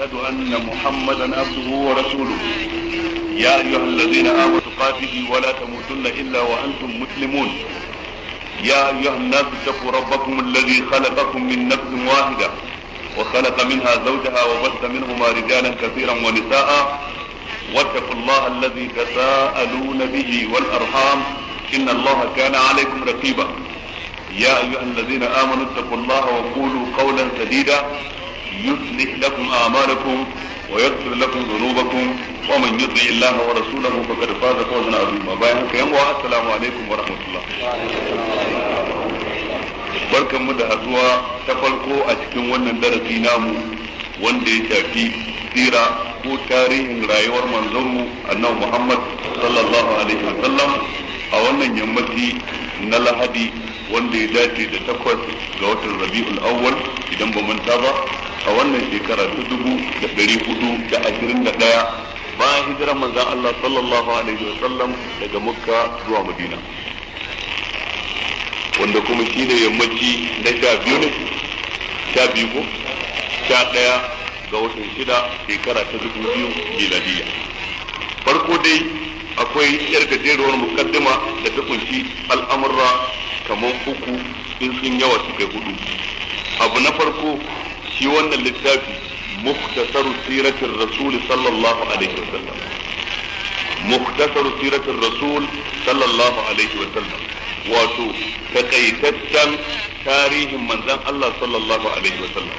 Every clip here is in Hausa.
واشهد ان محمدا عبده ورسوله يا ايها الذين امنوا قاته ولا تموتن الا وانتم مسلمون يا ايها الناس اتقوا ربكم الذي خلقكم من نفس واحده وخلق منها زوجها وبث منهما رجالا كثيرا ونساء واتقوا الله الذي تساءلون به والارحام ان الله كان عليكم رقيبا يا ايها الذين امنوا اتقوا الله وقولوا قولا سديدا يصلح لكم أعمالكم ويغفر لكم ذنوبكم ومن يطع الله ورسوله فقد فاز فوزا عظيما بايعك السلام عليكم ورحمة الله barkan mu da haduwa ta farko a cikin wannan darasi namu wanda ya shafi sira ko tarihin rayuwar manzonmu annabi Muhammad sallallahu alaihi wasallam a wannan yammaci na Lahadi wanda ya dace da takwas ga watan rabi'ul awwal idan ba manta ba a wannan shekara ta dubu da ɗari hudu da ashirin da ɗaya bayan hijirar manzan Allah sallallahu alaihi wa sallam daga Makka zuwa Madina wanda kuma shi ne yammaci na sha biyu ne sha biyu ko sha ɗaya ga watan shida shekara ta dubu biyu miladiyya farko dai akwai yar gajeruwar mukaddima da ta kunshi al'amurra kamar uku in sun yawa su kai hudu abu na farko shi wannan littafi muktasaru siratin rasul sallallahu alaihi wasallam muktasaru siratin rasul sallallahu alaihi wasallam wato takaitaccen tarihin manzan Allah sallallahu alaihi wasallam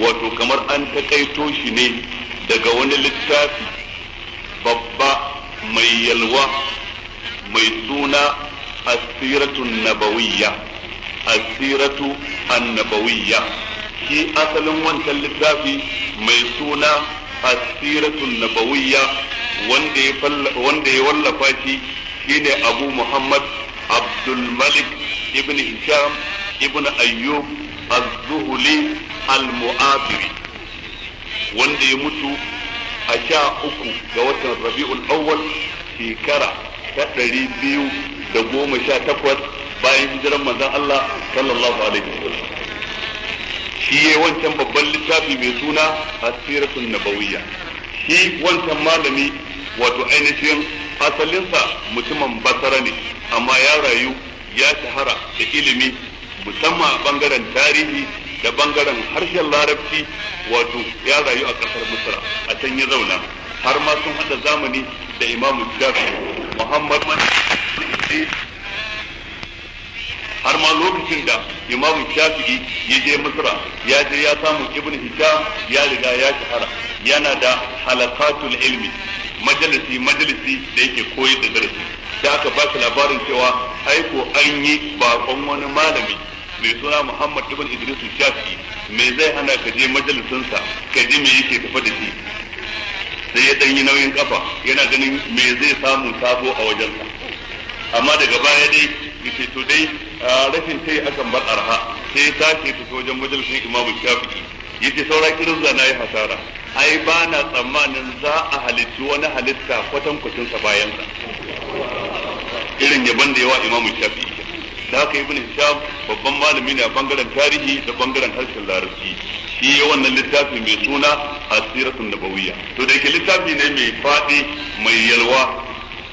wato kamar an takaito shi ne daga wani littafi babba mai yalwa mai suna asiratu nabawiyya asiratu annabawiyya shi asalin wancan littafi mai suna asiratu nabawiyya wanda ya wallafa shi shine abu muhammad abdul malik ibn hisham ibn ayyub az-zuhli al muathiri wanda ya mutu a sha uku ga watan rabi'ul awwal shekara ta ɗari biyu da goma sha takwas bayan hijiran manzon Allah sallallahu alaihi wasallam shi ya wancan babban littafi mai suna asiratun nabawiyya shi wancan malami wato ainihin asalinsa mutumin basara ne amma ya rayu ya shahara da ilimi musamman a bangaren tarihi da bangaren harshen larabci wato ya rayu a ƙasar misra a can ya zauna har ma sun hada zamani da imamu shafi muhammad har ma lokacin da imamu shafi ya je misra ya je ya samu ibn hisham ya riga ya shahara yana da halakatul ilmi majalisi majalisi da yake koyar da darasi da aka ba shi labarin cewa aiko an yi bakon wani malami mai suna Muhammad ibn Idris Shafi me zai hana ka je majalisinsa ka ji me yake tafa da shi sai ya dan nauyin kafa yana ganin me zai samu sabo a wajensa amma daga baya dai yace to dai rashin sai akan bar arha sai ya sake fita wajen majalisin Imam Shafi yace saura kirin zana yi hasara ai ba na tsammanin za a halitta wani halitta bayan sa irin yaban da yawa Imam Shafi'i da haka ibn hisham babban malami ne a bangaren tarihi da bangaren harshen larabci shi ya wannan littafi mai suna asiratun nabawiyya to da yake littafi ne mai fadi mai yalwa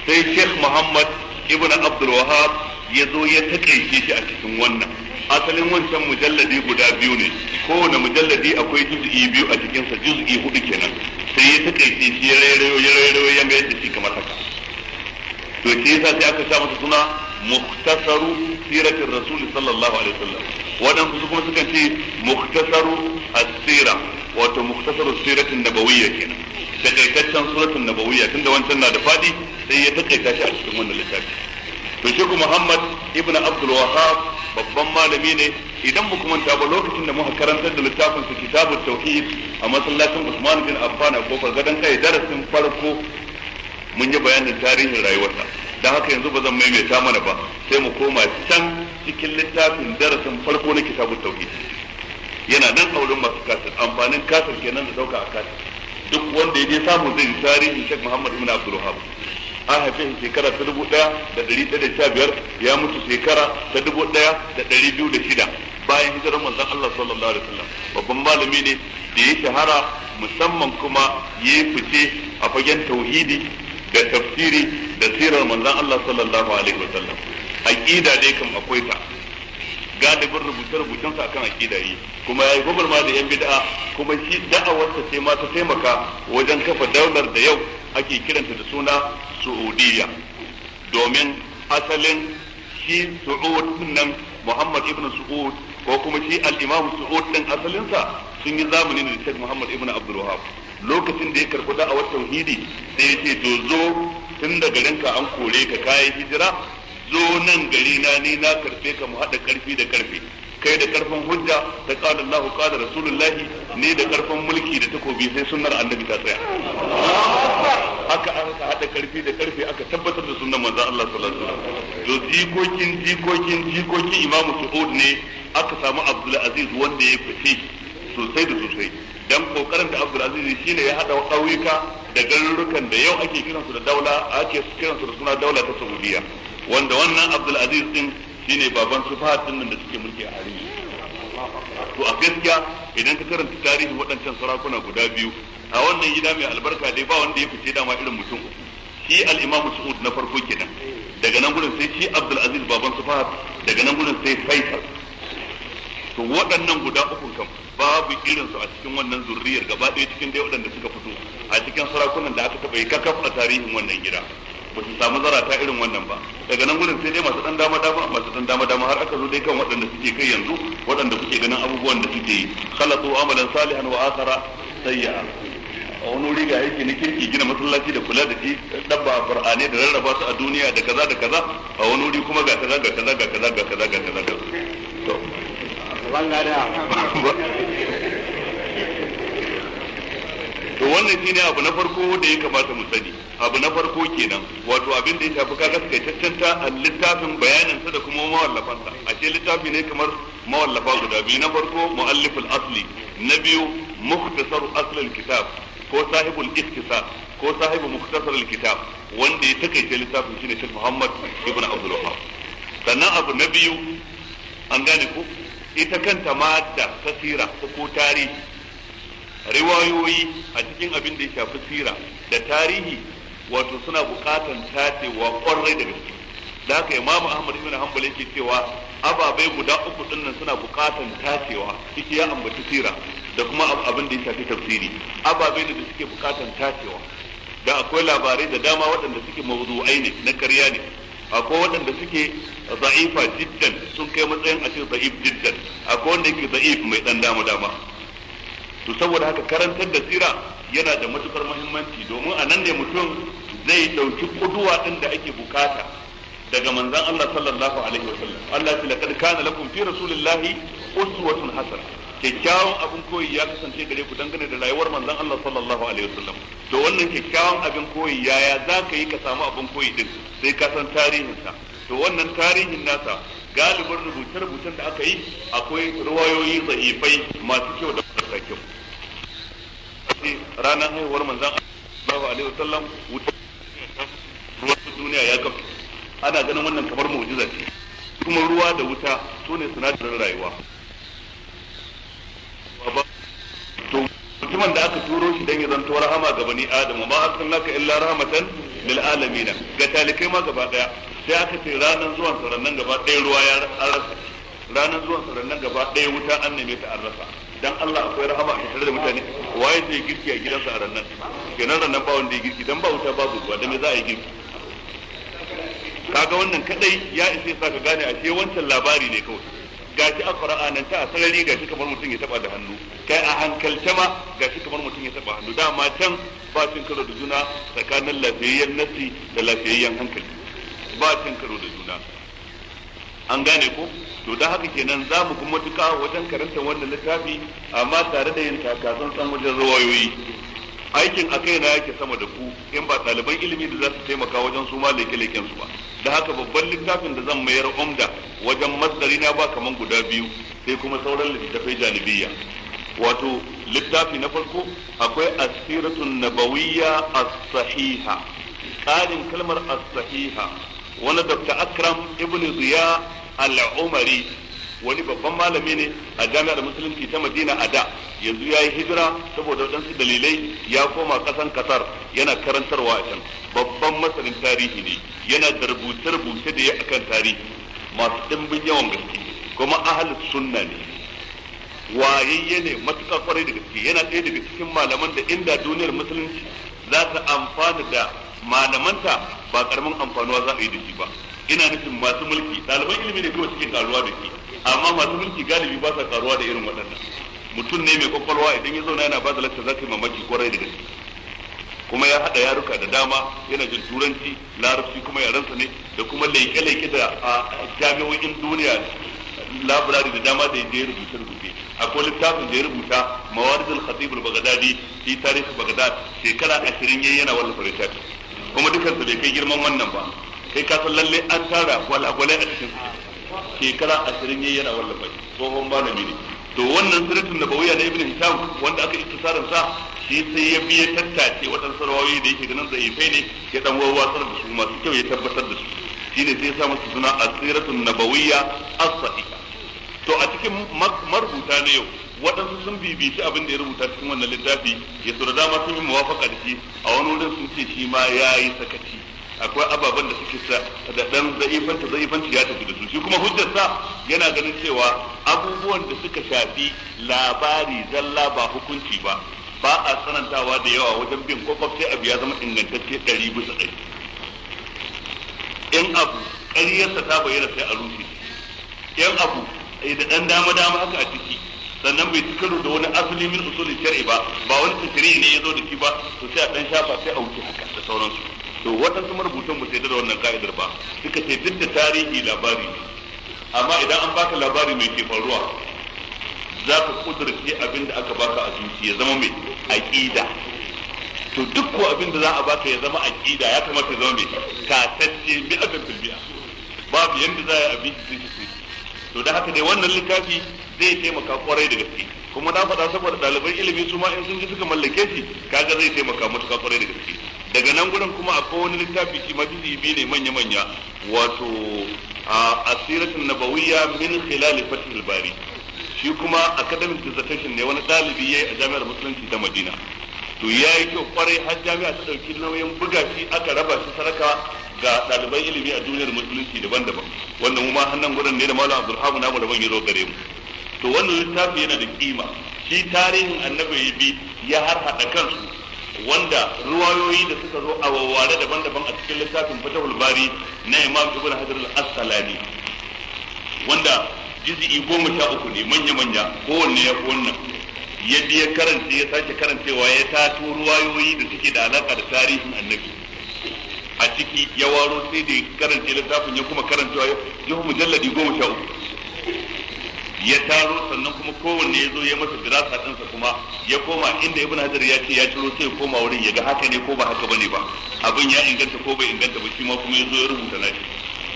sai sheikh muhammad ibn abdul wahab ya zo ya takaice shi a cikin wannan asalin wancan mujalladi guda biyu ne kowane mujalladi akwai juz'i biyu a cikinsa juz'i hudu kenan sai ya takaice shi ya rayo ya rayo ya mayar da shi kamar haka to shi yasa sai aka sha masa suna muhtasaru siratin rasul sallallahu alaihi wasallam waɗansu su kuma sukan ce muhtasaru as-sira wato muhtasaru siratin nabawiyya kenan takaitaccen suratul nabawiyya tunda wancan na da fadi sai ya takaita shi a cikin wannan littafi to shi Muhammad ibn Abdul Wahhab babban malami ne idan mu kuma ba lokacin da muka karantar da littafin su kitabut tauhid a masallacin Usman bin Affan a kofar gadan kai darasin farko mun yi bayanin tarihin rayuwarsa da haka yanzu ba zan maimaita mana ba sai mu koma can cikin littafin darasin farko na kitabun tauhid yana nan a wurin masu kasir amfanin kasir kenan da dauka a kasir duk wanda ya je samu zai yi tarihin shek Muhammad ibn Abdul Wahhab an haife shi shekara ta dubu ɗaya da ɗari ɗaya da sha biyar ya mutu shekara ta dubu ɗaya da ɗari biyu da shida bayan hijirar manzon Allah sallallahu alaihi wasallam babban malami ne da ya shahara musamman kuma ya fice a fagen tauhidi da tafsiri da sirar manzon Allah sallallahu alaihi wasallam aqida dai kam akwai ta galibin rubuce rubucen sa akan aqida yi kuma yayi gubar ma da yan bid'a kuma shi da'awar ta ce ma ta taimaka wajen kafa daular da yau ake kiranta da suna Saudiya domin asalin shi Su'ud nan Muhammad ibn Su'ud ko kuma shi al-Imam Su'ud din asalinsa sun yi zamani da Sheikh Muhammad ibn Abdulwahab. lokacin da ya karɓi da'awar tauhidi sai ya ce to zo tun da garinka an kore ka kayan hijira zo nan gari na ni na karfe ka mu haɗa karfi da karfe kai da karfin hujja da qala Allahu qala rasulullahi ne da karfin mulki da takobi sai sunnar annabi ta tsaya haka an haɗa karfi da karfe aka tabbatar da sunnar manzon Allah sallallahu alaihi wasallam to jikokin jikokin jikokin Imam Su'ud ne aka samu Abdul Aziz wanda ya fice sosai da sosai dan kokarin da Abdul Aziz ne ya hada ƙauyuka da garurukan da yau ake kiransu da daula ake kiransu da suna daula ta Saudiya wanda wannan Abdul Aziz din shine baban Sufahat din da suke mulki a Arewa to a gaskiya idan ka karanta tarihin waɗancan sarakuna guda biyu a wannan gida mai albarka dai ba wanda ya fice dama irin mutum shi al-Imam Saud na farko kenan daga nan gurin sai shi Abdul Aziz baban Sufahat daga nan gurin sai Faisal to waɗannan guda uku kam babu irin su a cikin wannan zurriyar gaba ɗaya cikin dai waɗanda suka fito a cikin sarakunan da aka taɓa yi kakaf a tarihin wannan gida ba su samu zarata irin wannan ba daga nan gudun sai dai masu ɗan dama dama masu ɗan dama dama har aka zo dai kan waɗanda suke kai yanzu waɗanda kuke ganin abubuwan da suke yi khalatu amalan salihan wa akhara sayya'a a wani wuri ga yake na kirki gina masallaci da kula da shi dabba qur'ani da rarraba su a duniya da kaza da kaza a wani wuri kuma ga kaza ga kaza ga kaza ga kaza ga kaza to wannan shine abu na farko da ya kamata mu sani abu na farko kenan wato abin da ya shafi kaga suka cancanta littafin bayanin sa da kuma mawallafan sa ce littafi ne kamar mawallafa guda biyu na farko mualliful asli na biyu mukhtasar aslul kitab ko sahibul ikhtisar ko sahibu mukhtasar kitab wanda ya takaice littafin shine Sheikh Muhammad ibn Abdul Wahhab sannan abu na biyu an gane ko ita kanta ma ta sira ko tarihi riwayoyi a cikin abin da ya shafi sira da tarihi wato suna bukatan tacewa kwarai da gaske da haka imamu ahmad ibn hanbal yake cewa ababai guda uku dinnan suna bukatan tacewa ciki ya ambaci sira da kuma abin da ya shafi tafsiri ababai da suke bukatan tacewa da akwai labarai da dama waɗanda suke mawuzu'ai ne na karya ne akwai waɗanda suke za'ifa jiddan sun kai matsayin a cikin za'if jiddan akwai wanda yake za'if mai ɗan dama dama to saboda haka karantar da sira yana da matukar muhimmanci domin a nan ne mutum zai ɗauki kuduwa ɗin da ake bukata daga manzon Allah sallallahu alaihi wasallam Allah ya laqad kana lakum fi rasulillahi uswatun hasana kyakkyawan abin koyi ya kasance gare ku dangane da rayuwar manzon Allah sallallahu alaihi wasallam to wannan kyakkyawan abin koyi yaya za ka yi ka samu abin koyi din sai ka san tarihin sa to wannan tarihin nasa galibin rubuce-rubucen da aka yi akwai ruwayoyi zahifai masu kyau da marasa kyau ranar haihuwar manzon Allah alaihi wasallam ruwan duniya ya kafa ana ganin wannan kamar mu'jiza ce kuma ruwa da wuta sune sinadarin rayuwa ba to mutumin da aka turo shi dan ya zanto rahama ga bani adam ma arsalnaka illa rahmatan lil alamin ga talikai ma gaba daya sai aka ce ranan zuwan sa ranan gaba daya ruwa ya rasa ranan zuwan sa ranan gaba daya wuta an neme ta arrafa rasa dan Allah akwai rahama a tare da mutane waye zai girki a gidansa a ranan kenan ranan ba wanda ya girki dan ba wuta babu ruwa dan me za a yi girki kaga wannan kadai ya isa sa ka gane ashe wancan labari ne kawai gashi a qur'anan ta a sarari gashi kamar mutum ya taba da hannu kai a hankalce ma gashi kamar mutum ya taba hannu dama can ba cin karo da juna tsakanin lafiyayyen nasi da lafiyayyen hankali ba cin karo da juna an gane ko to da haka kenan za mu kuma tuka wajen karanta wannan littafi amma tare da yin takasan san wajen rawayoyi aikin a na yake sama da ku in ba ɗaliban ilimi da za su taimaka wajen su ma leke su ba da haka babban littafin da zan mayar umda wajen masdari na ba kaman guda biyu sai kuma sauran littattafai janibiyya wato littafi na farko akwai asiratun nabawiyya as-sahiha tsarin kalmar as-sahiha wani dr akram ibn ziya al-umari wani babban malami ne a jami'ar musulunci ta madina a da yanzu ya yi hijira saboda waɗansu dalilai ya koma ƙasan kasar yana karantarwa a can babban masanin tarihi ne yana da rubuce-rubuce da ya akan tarihi masu ɗimbin yawan gaske kuma ahal sunna ne wayayye ne matuƙa kwarai da gaske yana ɗaya daga cikin malaman da inda duniyar musulunci za ta amfana da malamanta ba karamin amfanuwa za a yi da shi ba ina nufin masu mulki ɗaliban ilimi ne kawai suke karuwa da shi amma masu mulki galibi ba sa karuwa da irin waɗannan mutum ne mai kwakwalwa idan ya zauna yana ba da lakta za ka yi mamaki kwarai da gaske kuma ya haɗa yaruka da dama yana jin turanci larabci kuma yarensa ne da kuma laike-laike da a jami'o'in duniya labirari da dama da ya rubuce rubuce akwai littafin da ya rubuta mawaridul khatibul bagadadi fi tarihi bagdad shekara 20 yayin yana wallafa littafin kuma dukkan su bai kai girman wannan ba kai ka san lalle an tara gwalagwalai a cikin shekara ashirin yayi yana wallafa tsohon malami mini to wannan sirrin da bawuya na ibnu wanda aka tsarin sa shi sai ya biye tattace wadan sarwawi da yake ganin zaifai ne ya dan wawwatsar da su masu kyau ya tabbatar da su shine sai ya sa musu suna asiratun nabawiyya as-sahiha to a cikin marubuta na yau waɗansu sun bibiyi abin da ya rubuta cikin wannan littafi ya so da dama sun yi muwafaka da shi a wani wurin sun ce shi ma ya yi sakaci akwai ababen da suke sa da ɗan za'ifanta za'ifanta ya tafi da su shi kuma hujjar sa yana ganin cewa abubuwan da suka shafi labari zalla ba hukunci ba ba a sanantawa da yawa wajen bin kwakwaf sai abu ya zama ingantacce ɗari bisa ɗari in abu ƙaryarsa ta bayyana sai a rushe in abu eh, da ɗan dama dama haka a ciki sannan bai ci karo da wani asali min usulin shar'i ba ba wani tafsiri ne ya zo da shi ba to sai a dan shafa sai a wuce haka da sauransu to waɗansu marubutan ba sai da wannan ka'idar ba suka ce duk da tarihi labari amma idan an baka labari mai ke faruwa za ka kudurce abin da aka baka a zuci ya zama mai aƙida to duk ko abin da za a baka ya zama aƙida ya kamata ya zama mai tatacce mi'atan fil bi'a babu yanda za a yi abin da zai to da haka dai wannan littafi zai taimaka kwarai da gaske kuma na faɗa saboda ɗaliban ilimi su ma in sun ji suka mallake shi kaga zai taimaka matuƙa kwarai da gaske daga nan gurin kuma a akwai wani littafi shi ma biyu ne manya-manya wato a asiratun nabawiyya min khilal fathil bari shi kuma academic dissertation ne wani ɗalibi yayi a jami'ar musulunci ta madina to ya yi kyau kwarai har jami'a ta ɗauki nauyin buga shi aka raba shi saraka ga ɗaliban ilimi a duniyar musulunci daban-daban wannan mu ma hannun gurin ne da malam abdulhamu namu daban ya zo gare mu to wannan littafi yana da kima shi tarihin annabi bi ya harhaɗa kansu wanda ruwayoyi da suka zo a wawware daban-daban a cikin littafin fatahul bari na imam ibn hajar al-asqalani wanda jizi'i goma sha uku ne manya-manya kowanne ya fi wannan ya bi ya karanta ya sake karantawa ya tato ruwayoyi da suke da alaka da tarihin annabi a ciki ya waro sai da karanta littafin ya kuma karantawa ya mujalladi goma sha uku ya taro sannan kuma kowanne ya zo ya masa dirasa ɗinsa kuma ya koma inda ibn hajar ya ce ya ciro sai ya koma wurin ya ga haka ne ko ba haka bane ba abin ya inganta ko bai inganta ba shi ma kuma ya zo ya rubuta na shi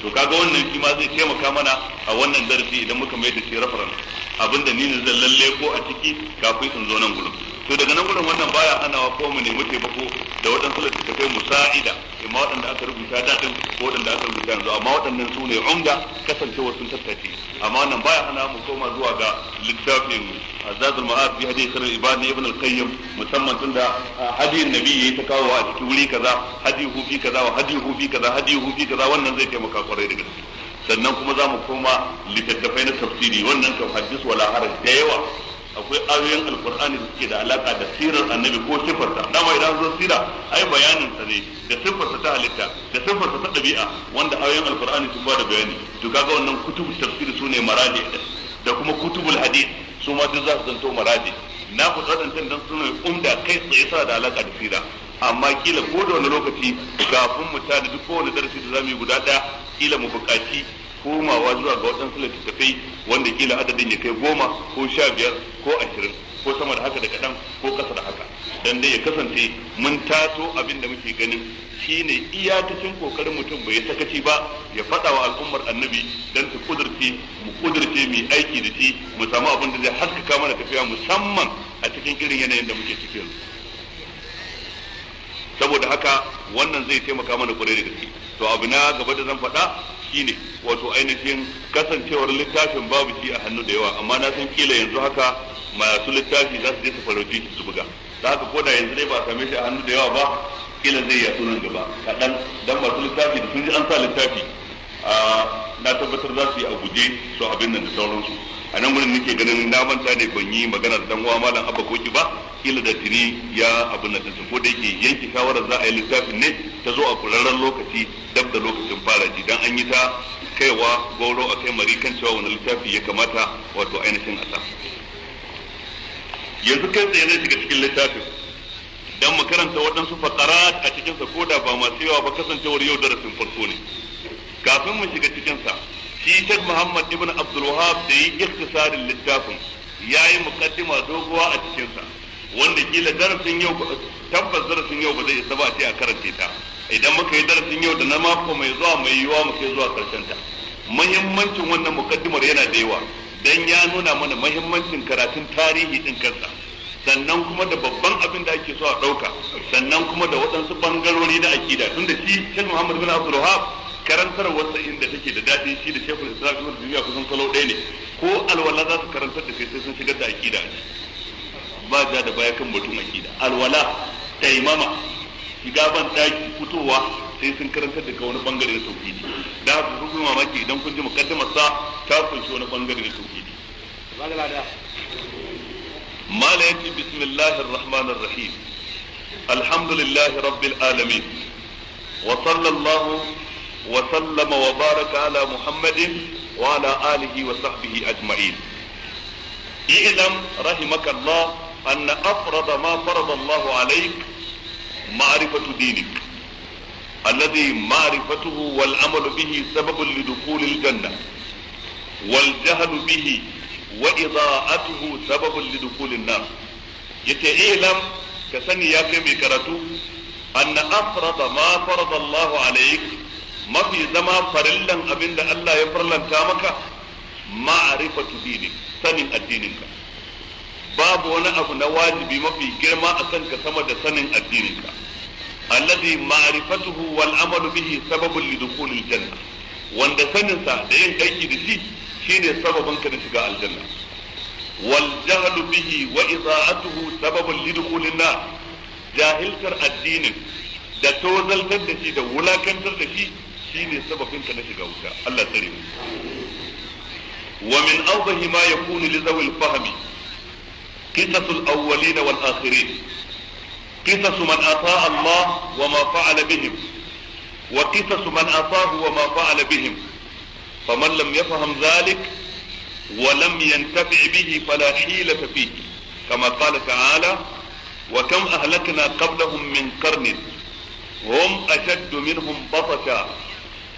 to kaga wannan shi ma zai taimaka mana a wannan darasi idan muka mai da shi reference abinda ni ne zan lalle ko a ciki kafin in zo nan gurin to daga nan gudun wannan baya wa ko ne mutai bako da waɗansu littattafai musa'ida amma waɗanda aka rubuta daɗin ko waɗanda aka rubuta yanzu amma waɗannan su ne umda kasancewa sun tattace amma wannan baya ana mu koma zuwa ga littafin azazul ma'ad bi hadith sirr ibani ibn al-qayyim musamman tun da nabi yayi ta kawo a cikin wuri kaza hadi hu fi kaza wa hadi hu fi kaza hadi hu fi kaza wannan zai taimaka kwarai da gaske sannan kuma za mu koma littattafai na tafsiri wannan kan hadith wala haraj da yawa akwai ayoyin alkur'ani da suke da alaka da sirar annabi ko sifarsa dama idan zo sira ai bayanin sa ne da sifarsa ta halitta da sifarsa ta dabi'a wanda ayoyin alkur'ani sun da bayani to kaga wannan kutubu su ne maradi da kuma kutubul hadith su ma duk za su zanto maradi na tsadan waɗancan dan suna umda kai tsaye sa da alaka da sira amma kila ko da wani lokaci kafin mu da duk kowane darasi da zamu yi guda ɗaya kila mu buƙaci komawa zuwa ga waɗansu littattafai wanda kila adadin ya kai goma ko sha biyar ko ashirin ko sama da haka da kaɗan ko kasa da haka dan dai ya kasance mun taso abin da muke ganin shine iyakacin kokarin mutum bai sakaci ba ya faɗa wa al'ummar annabi dan su kudurce mu kudurce mu aiki da shi mu samu abin da zai haskaka mana tafiya musamman a cikin irin yanayin da muke cikin saboda haka wannan zai taimaka mana kwarai da gaske to abu na gaba da zan faɗa shine wato ainihin kasancewar littafin babu shi a hannu da yawa amma na san kila yanzu haka masu littafi za su je su farauci su buga da haka ko da yanzu dai ba same shi a hannu da yawa ba kila zai yi a nan gaba kaɗan dan masu littafi da sun ji an sa littafi na tabbatar za su yi a guje su abin nan da sauransu a nan gudun nake ganin na manta ne ban yi magana da dan uwa malam abba koki ba kila da tiri ya abin nan da ko da yake yanke shawarar za a yi littafin ne ta zo a kurarren lokaci dab da lokacin fara ji dan an yi ta kaiwa goro a kai mari kan cewa wani littafi ya kamata wato ainihin a sa yanzu kai tsaye zai shiga cikin littafin dan mu karanta waɗansu fakarat a cikinsa ko da ba masu yawa ba kasancewar yau darasin farko ne kafin mu shiga cikinsa shi Sheikh Muhammad ibn Abdul Wahhab da yi ikhtisarin littafin yayi muqaddima doguwa a cikinsa wanda kila darasin yau tabbas darasin yau ba zai isa ba a ce a karanta ta idan muka yi darasin yau da na mako mai zuwa mai yiwa muka yi zuwa karshen ta muhimmancin wannan muqaddimar yana da yawa dan ya nuna mana muhimmancin karatun tarihi din kansa sannan kuma da babban abin da ake so a ɗauka sannan kuma da waɗansu bangarori na akida tunda shi Sheikh Muhammad bin Abdul Wahab karantar wasa inda take da daɗi shi da Sheikhul Islam Ibn Taymiyyah kusan salo ɗaya ne ko alwala za su karantar da kai sai sun shigar da akida ba ja da baya kan batun akida alwala taimama shiga ban daki fitowa sai sun karantar da wani bangare na tauhidi da haka kun mamaki idan kun ji mukaddimar sa ta kunshi wani bangare na tauhidi مالك بسم الله الرحمن الرحيم الحمد لله رب العالمين وصلى الله وسلم وبارك على محمد وعلى آله وصحبه أجمعين اعلم رحمك الله أن أفرض ما فرض الله عليك معرفة دينك الذي معرفته والعمل به سبب لدخول الجنة والجهل به wa idaa'atuhu sababun lidukhulin nar yace ilam eh, ka sani ya kai mai karatu anna afrada ma farada Allahu mafi zama farillan abinda Allah ya farlanta maka ma'rifatu dinik sanin addininka babu wani abu na wajibi mafi girma akan ka sama da sanin addininka alladhi ma'rifatuhu wal amalu bihi sababin lidukhulil janna wanda saninsa da yin aiki da shi shine sababin ka na shiga aljanna wal jahlu bihi wa iza'atuhu sababun lidkhulin nar jahiltar addinin da tozaltar da shi da wulakantar da shi shine sababin ka na shiga wuta Allah tsare mu wa min awdahi ma yakunu li zawil fahmi qisasul awwalin wal akhirin قصص من allah wa ma فعل بهم وقصص من أصاه وما فعل بهم فمن لم يفهم ذلك ولم ينتفع به فلا حيلة فيه كما قال تعالى وكم أهلكنا قبلهم من قرن هم أشد منهم بطشا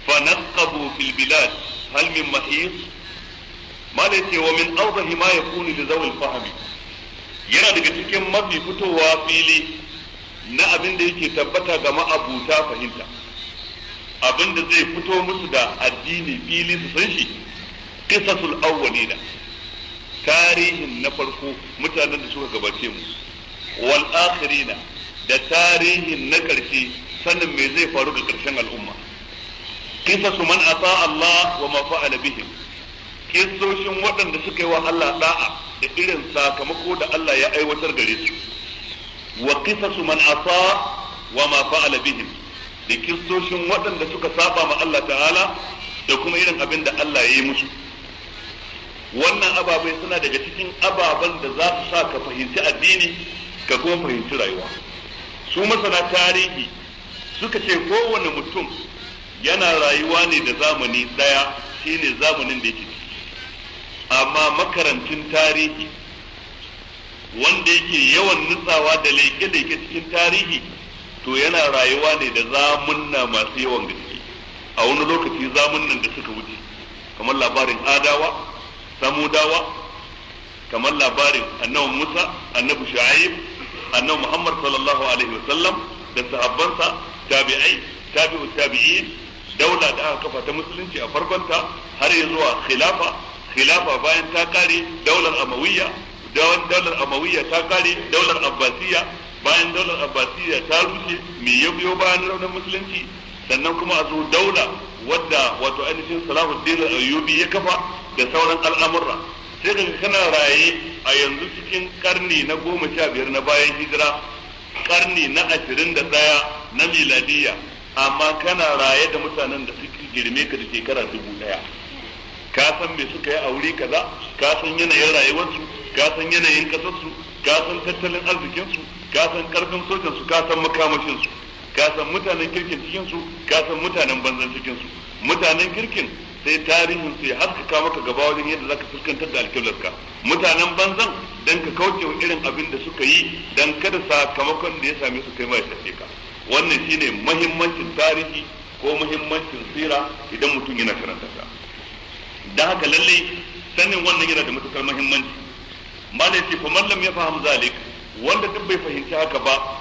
فنقبوا في البلاد هل من محيص ما ليس ومن أوضح ما يكون لذوي الفهم يرى daga cikin فتوى fitowa fili na abin da yake tabbata ga abinda zai fito musu da addini fili su san shi qisasul awwalina tarihin na farko mutanen da suka gabace mu wal akhirina da tarihin na karshe sanin me zai faru ga karshen al'umma Kisasu man ata Allah wa ma fa'ala bihim kisoshin waɗanda suka yi wa Allah da'a da irin sakamako da Allah ya aiwatar gare su wa kisasu man ata wa ma fa'ala bihim da kistoshin waɗanda suka saba ma Allah ta'ala da kuma irin abin da Allah ya yi musu wannan ababai suna daga cikin ababen da za su sa ka fahimci addini ka kuma fahimci rayuwa su masana tarihi suka ce kowane mutum yana rayuwa ne da zamani ɗaya shine zamanin da yake amma makarantun tarihi wanda yake yawan nutsawa da leke-leke cikin tarihi to yana rayuwa ne da zamunna masu yawan gaske a wani lokaci zamunnan da suka wuce kamar labarin adawa samudawa kamar labarin annabi musa annabi shu'aib annabi muhammad sallallahu alaihi wasallam da sahabbansa tabi'ai tabi'u tabi'in daula da aka kafa ta musulunci a farkonta har ya zuwa khilafa khilafa bayan ta kare daular amawiyya daular amawiyya ta kare daular abbasiyya bayan daular abbasiyya ta rushe me ya biyo bayan raunin musulunci sannan kuma a zo daula wadda wato ainihin salahuddin ayyubi ya kafa da sauran al'amurra sai ka kana raye a yanzu cikin karni na goma sha biyar na bayan hijira karni na ashirin da ɗaya na miladiyya amma kana raye da mutanen da suke girme ka da shekara dubu daya ka san me suka yi a wuri kaza ka san yanayin rayuwarsu ka san yanayin kasarsu ka san tattalin arzikin su ka san karfin sojan su ka san makamashin su ka san mutanen kirkin cikin su ka san mutanen banzan cikin su mutanen kirkin sai tarihin su ya haskaka maka gaba wajen yadda zaka fuskantar da ka mutanen banzan dan ka kauce wa irin abin da suka yi dan kada sakamakon da ya same su kai mai shafe ka wannan shine muhimmancin tarihi ko muhimmancin sira idan mutum yana karanta ta da haka lalle sanin wannan yana da matukar muhimmanci malai ce kuma lam ya faham zalik wanda duk bai fahimci haka ba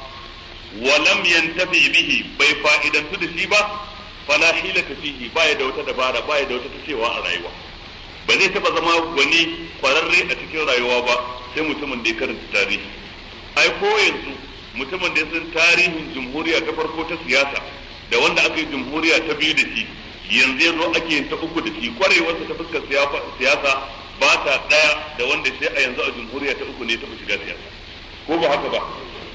wa lam yantafi bihi bai fa'idantu da shi ba fala hilata fihi baya da wata dabara baya da wata tacewa a rayuwa ba zai taba zama wani kwararre a cikin rayuwa ba sai mutumin da ya karanta tarihi ai ko yanzu mutumin da ya san tarihin jamhuriya ta farko ta siyasa da wanda aka yi jumhuriya ta biyu da shi yanzu ya zo ake yin ta uku da shi kwarewarsa ta fuskar siyasa ba ta daya da wanda sai a yanzu a jamhuriya ta uku ne ta shiga siyasa ko ba haka ba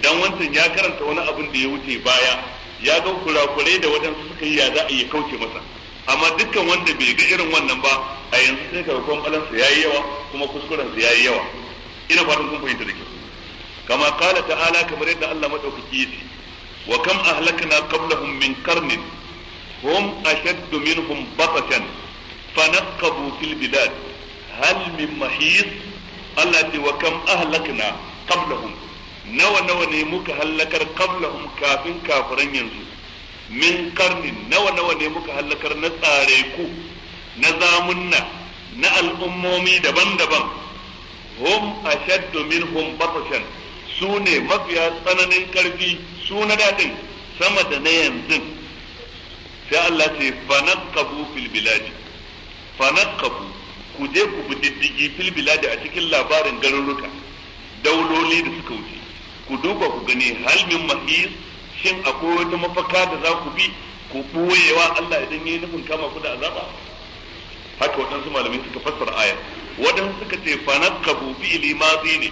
dan wancan ya karanta wani abin da ya wuce baya ya ga kurakurai da wajen suka yi ya za a yi kauce masa amma dukkan wanda bai ga irin wannan ba a yanzu sai kaga balansa yayi yawa kuma sa yayi yawa ina fatan kun fahimta da kyau kama qala ta'ala kamar yadda Allah madaukaki yace wa kam ahlakna qablahum min qarnin hum ashaddu minhum batashan fanaqabu fil bilad hal mahis Allah ce kam ahlakna qablahum nawa nawa ne muka halakar qablahum kafin kafiran yanzu min karni nawa nawa ne muka halakar na tsare ku na zamunna na al'ummomi daban-daban hum ashaddu minhum batashan su ne mafiya tsananin karfi su na dadin sama da na yanzu sai Allah ce fanaqabu fil biladi fanaqabu ku je ku bi diddigi fil biladi a cikin labarin garuruka dauloli da suka wuce ku duba ku gani hal min mahis shin akwai wata mafaka da za ku bi ku boyewa Allah idan yayi nufin kama ku da azaba haka waɗansu malamai suka fassara aya waɗansu suka ce fanakabu fi limazi ne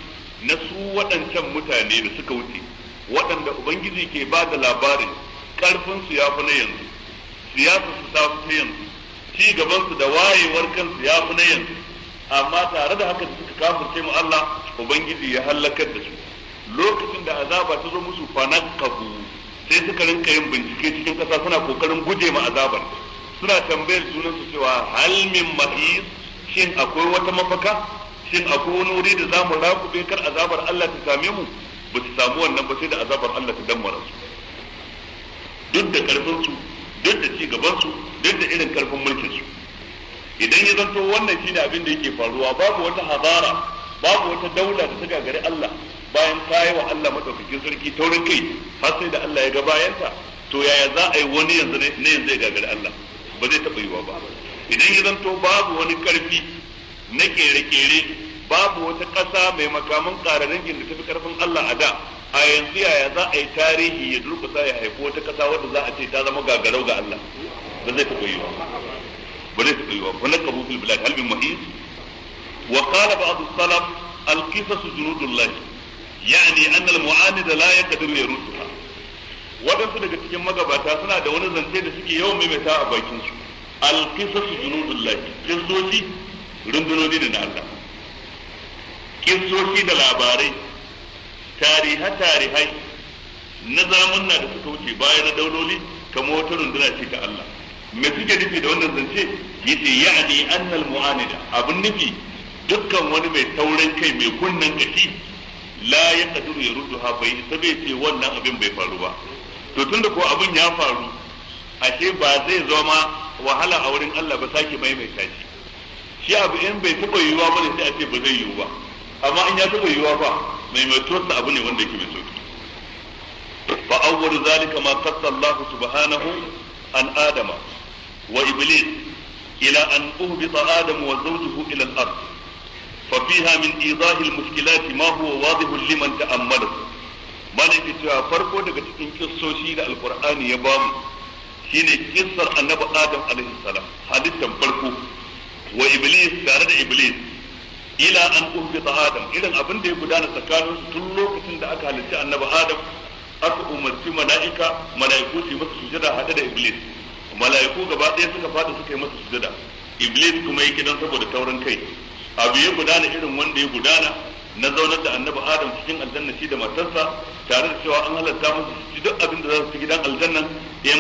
na su waɗancan mutane da suka wuce waɗanda ubangiji ke ba da labarin ƙarfinsu ya fi na yanzu siyasa su ta fi yanzu ci gabansu da wayewar kansu ya fi na yanzu amma tare da haka da suka kafirce mu Allah ubangiji ya halakar da su lokacin da azaba ta zo musu kabu sai suka rinka yin bincike cikin kasa suna kokarin guje ma azabar suna tambayar junan su cewa hal min mahis shin akwai wata mafaka shin akwai wani wuri da zamu rakube kar azabar Allah ta same mu ba su samu wannan ba sai da azabar Allah ta dammara su duk da karfin su duk da ci gaban su duk da irin karfin mulkin su idan ya zanto wannan shine abin da yake faruwa babu wata hazara babu wata daula da ta gagari Allah bayan ta yi wa Allah madaukakin sarki taurin kai har sai da Allah ya ga bayanta to yaya za a yi wani yanzu ne yanzu ya gagari Allah ba zai taɓa wa ba idan ya zanto babu wani karfi na kere-kere babu wata ƙasa mai makaman ƙararrangin da tafi karfin Allah a da a yanzu yaya za a yi tarihi ya durkusa ya haifo wata kasa wadda za a ce ta zama gagarau ga Allah ba zai taɓa yiwa ba zai taɓa yiwa ba na kabu fil bilad halbin muhis wa qala ba'd as-salaf al-qisas junudullah yani anna al-mu'anid la ya yarusuha wadansu daga cikin magabata suna da wani zance da suke yawan maimaita a bakin su al-qisas junudullah kisoshi rundunoni ne na Allah kisoshi da labarai tariha-tarihai na na da suka wuce baya na dauloli kamar wata runduna ce ta Allah me suke nufi da wannan zance yace ya'ni annal mu'anida Abun nufi dukkan wani mai taurin kai mai kunnan gashi la ya kaduru ya rudu ha bai bai ce wannan abin bai faru ba to tunda ko abin ya faru ashe ba zai zama wahala a wurin Allah ba sake maimaita shi shi abu in bai taɓa yiwuwa ba sai a ce ba zai yiwu ba amma in ya taɓa yiwuwa ba Mai sa abu ne wanda yake mai sauki fa awwalu zalika ma qatta Allah subhanahu an adama wa iblis ila an uhbita adam wa zawjuhu ila al-ard fa fiha min idah al-mushkilat ma huwa wadih liman ta'ammala cewa farko daga cikin kissoshi da alqur'ani ya bamu shine kissar annabi adam alaihi salam hadisin farko wa iblis tare da iblis ila an umbita adam irin abin da ya gudana tsakanin su tun lokacin da aka halicci annabi adam aka umarci mala'ika mala'iku su yi masa sujada hade da iblis mala'iku gaba ɗaya suka fada suka yi masa sujada iblis kuma yake dan saboda taurin kai abu ya gudana irin wanda ya gudana na zaunar da annabi adam cikin aljanna shi da matarsa tare da cewa an halatta musu ci duk abin da za su ci gidan aljannan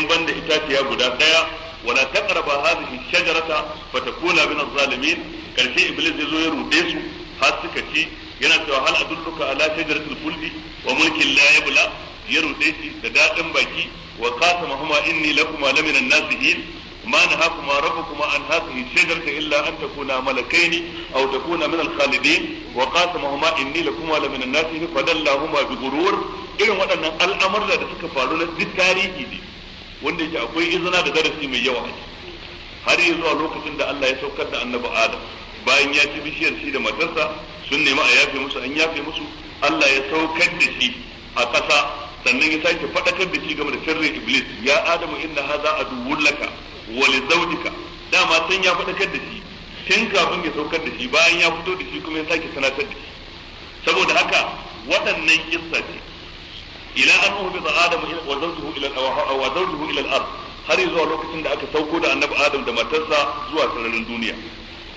ban da itaciya guda daya wala taqraba hadhihi shajarata fatakuna min az-zalimin karshe iblis ya zo ya rude su har suka ci yana cewa hal adulluka ala shajaratul khuldi wa mulkin la yabla ya rude shi da dadin baki wa qasama huma inni lakuma lamina nasihin ما نهاكما ربكما عن هذه الشجرة إلا أن تكونا ملكين أو تكونا من الخالدين وقاسمهما إني لكما لمن الناس فدلاهما بغرور إذن وأن الأمر الذي سكفارون tarihi دي wanda yake akwai izina da darasi mai yawa har yi zuwa lokacin da Allah ya saukar da annabi Adam bayan ya ci bishiyar shi da matarsa sun nemi a yafe musu an yafe musu Allah ya saukar da shi a ƙasa sannan ya sake faɗakar da shi game da sirrin iblis ya adamu inna haza aduwwun laka wa li zawjika dama san ya faɗakar da shi tun kafin ya saukar da shi bayan ya fito da shi kuma ya sake sanatar da shi saboda haka waɗannan kissa ce ila an uhbita adamu wa zawjuhu ila al wa zawjuhu ila al-ard har zuwa lokacin da aka sauko da annabi adam da matarsa zuwa sararin duniya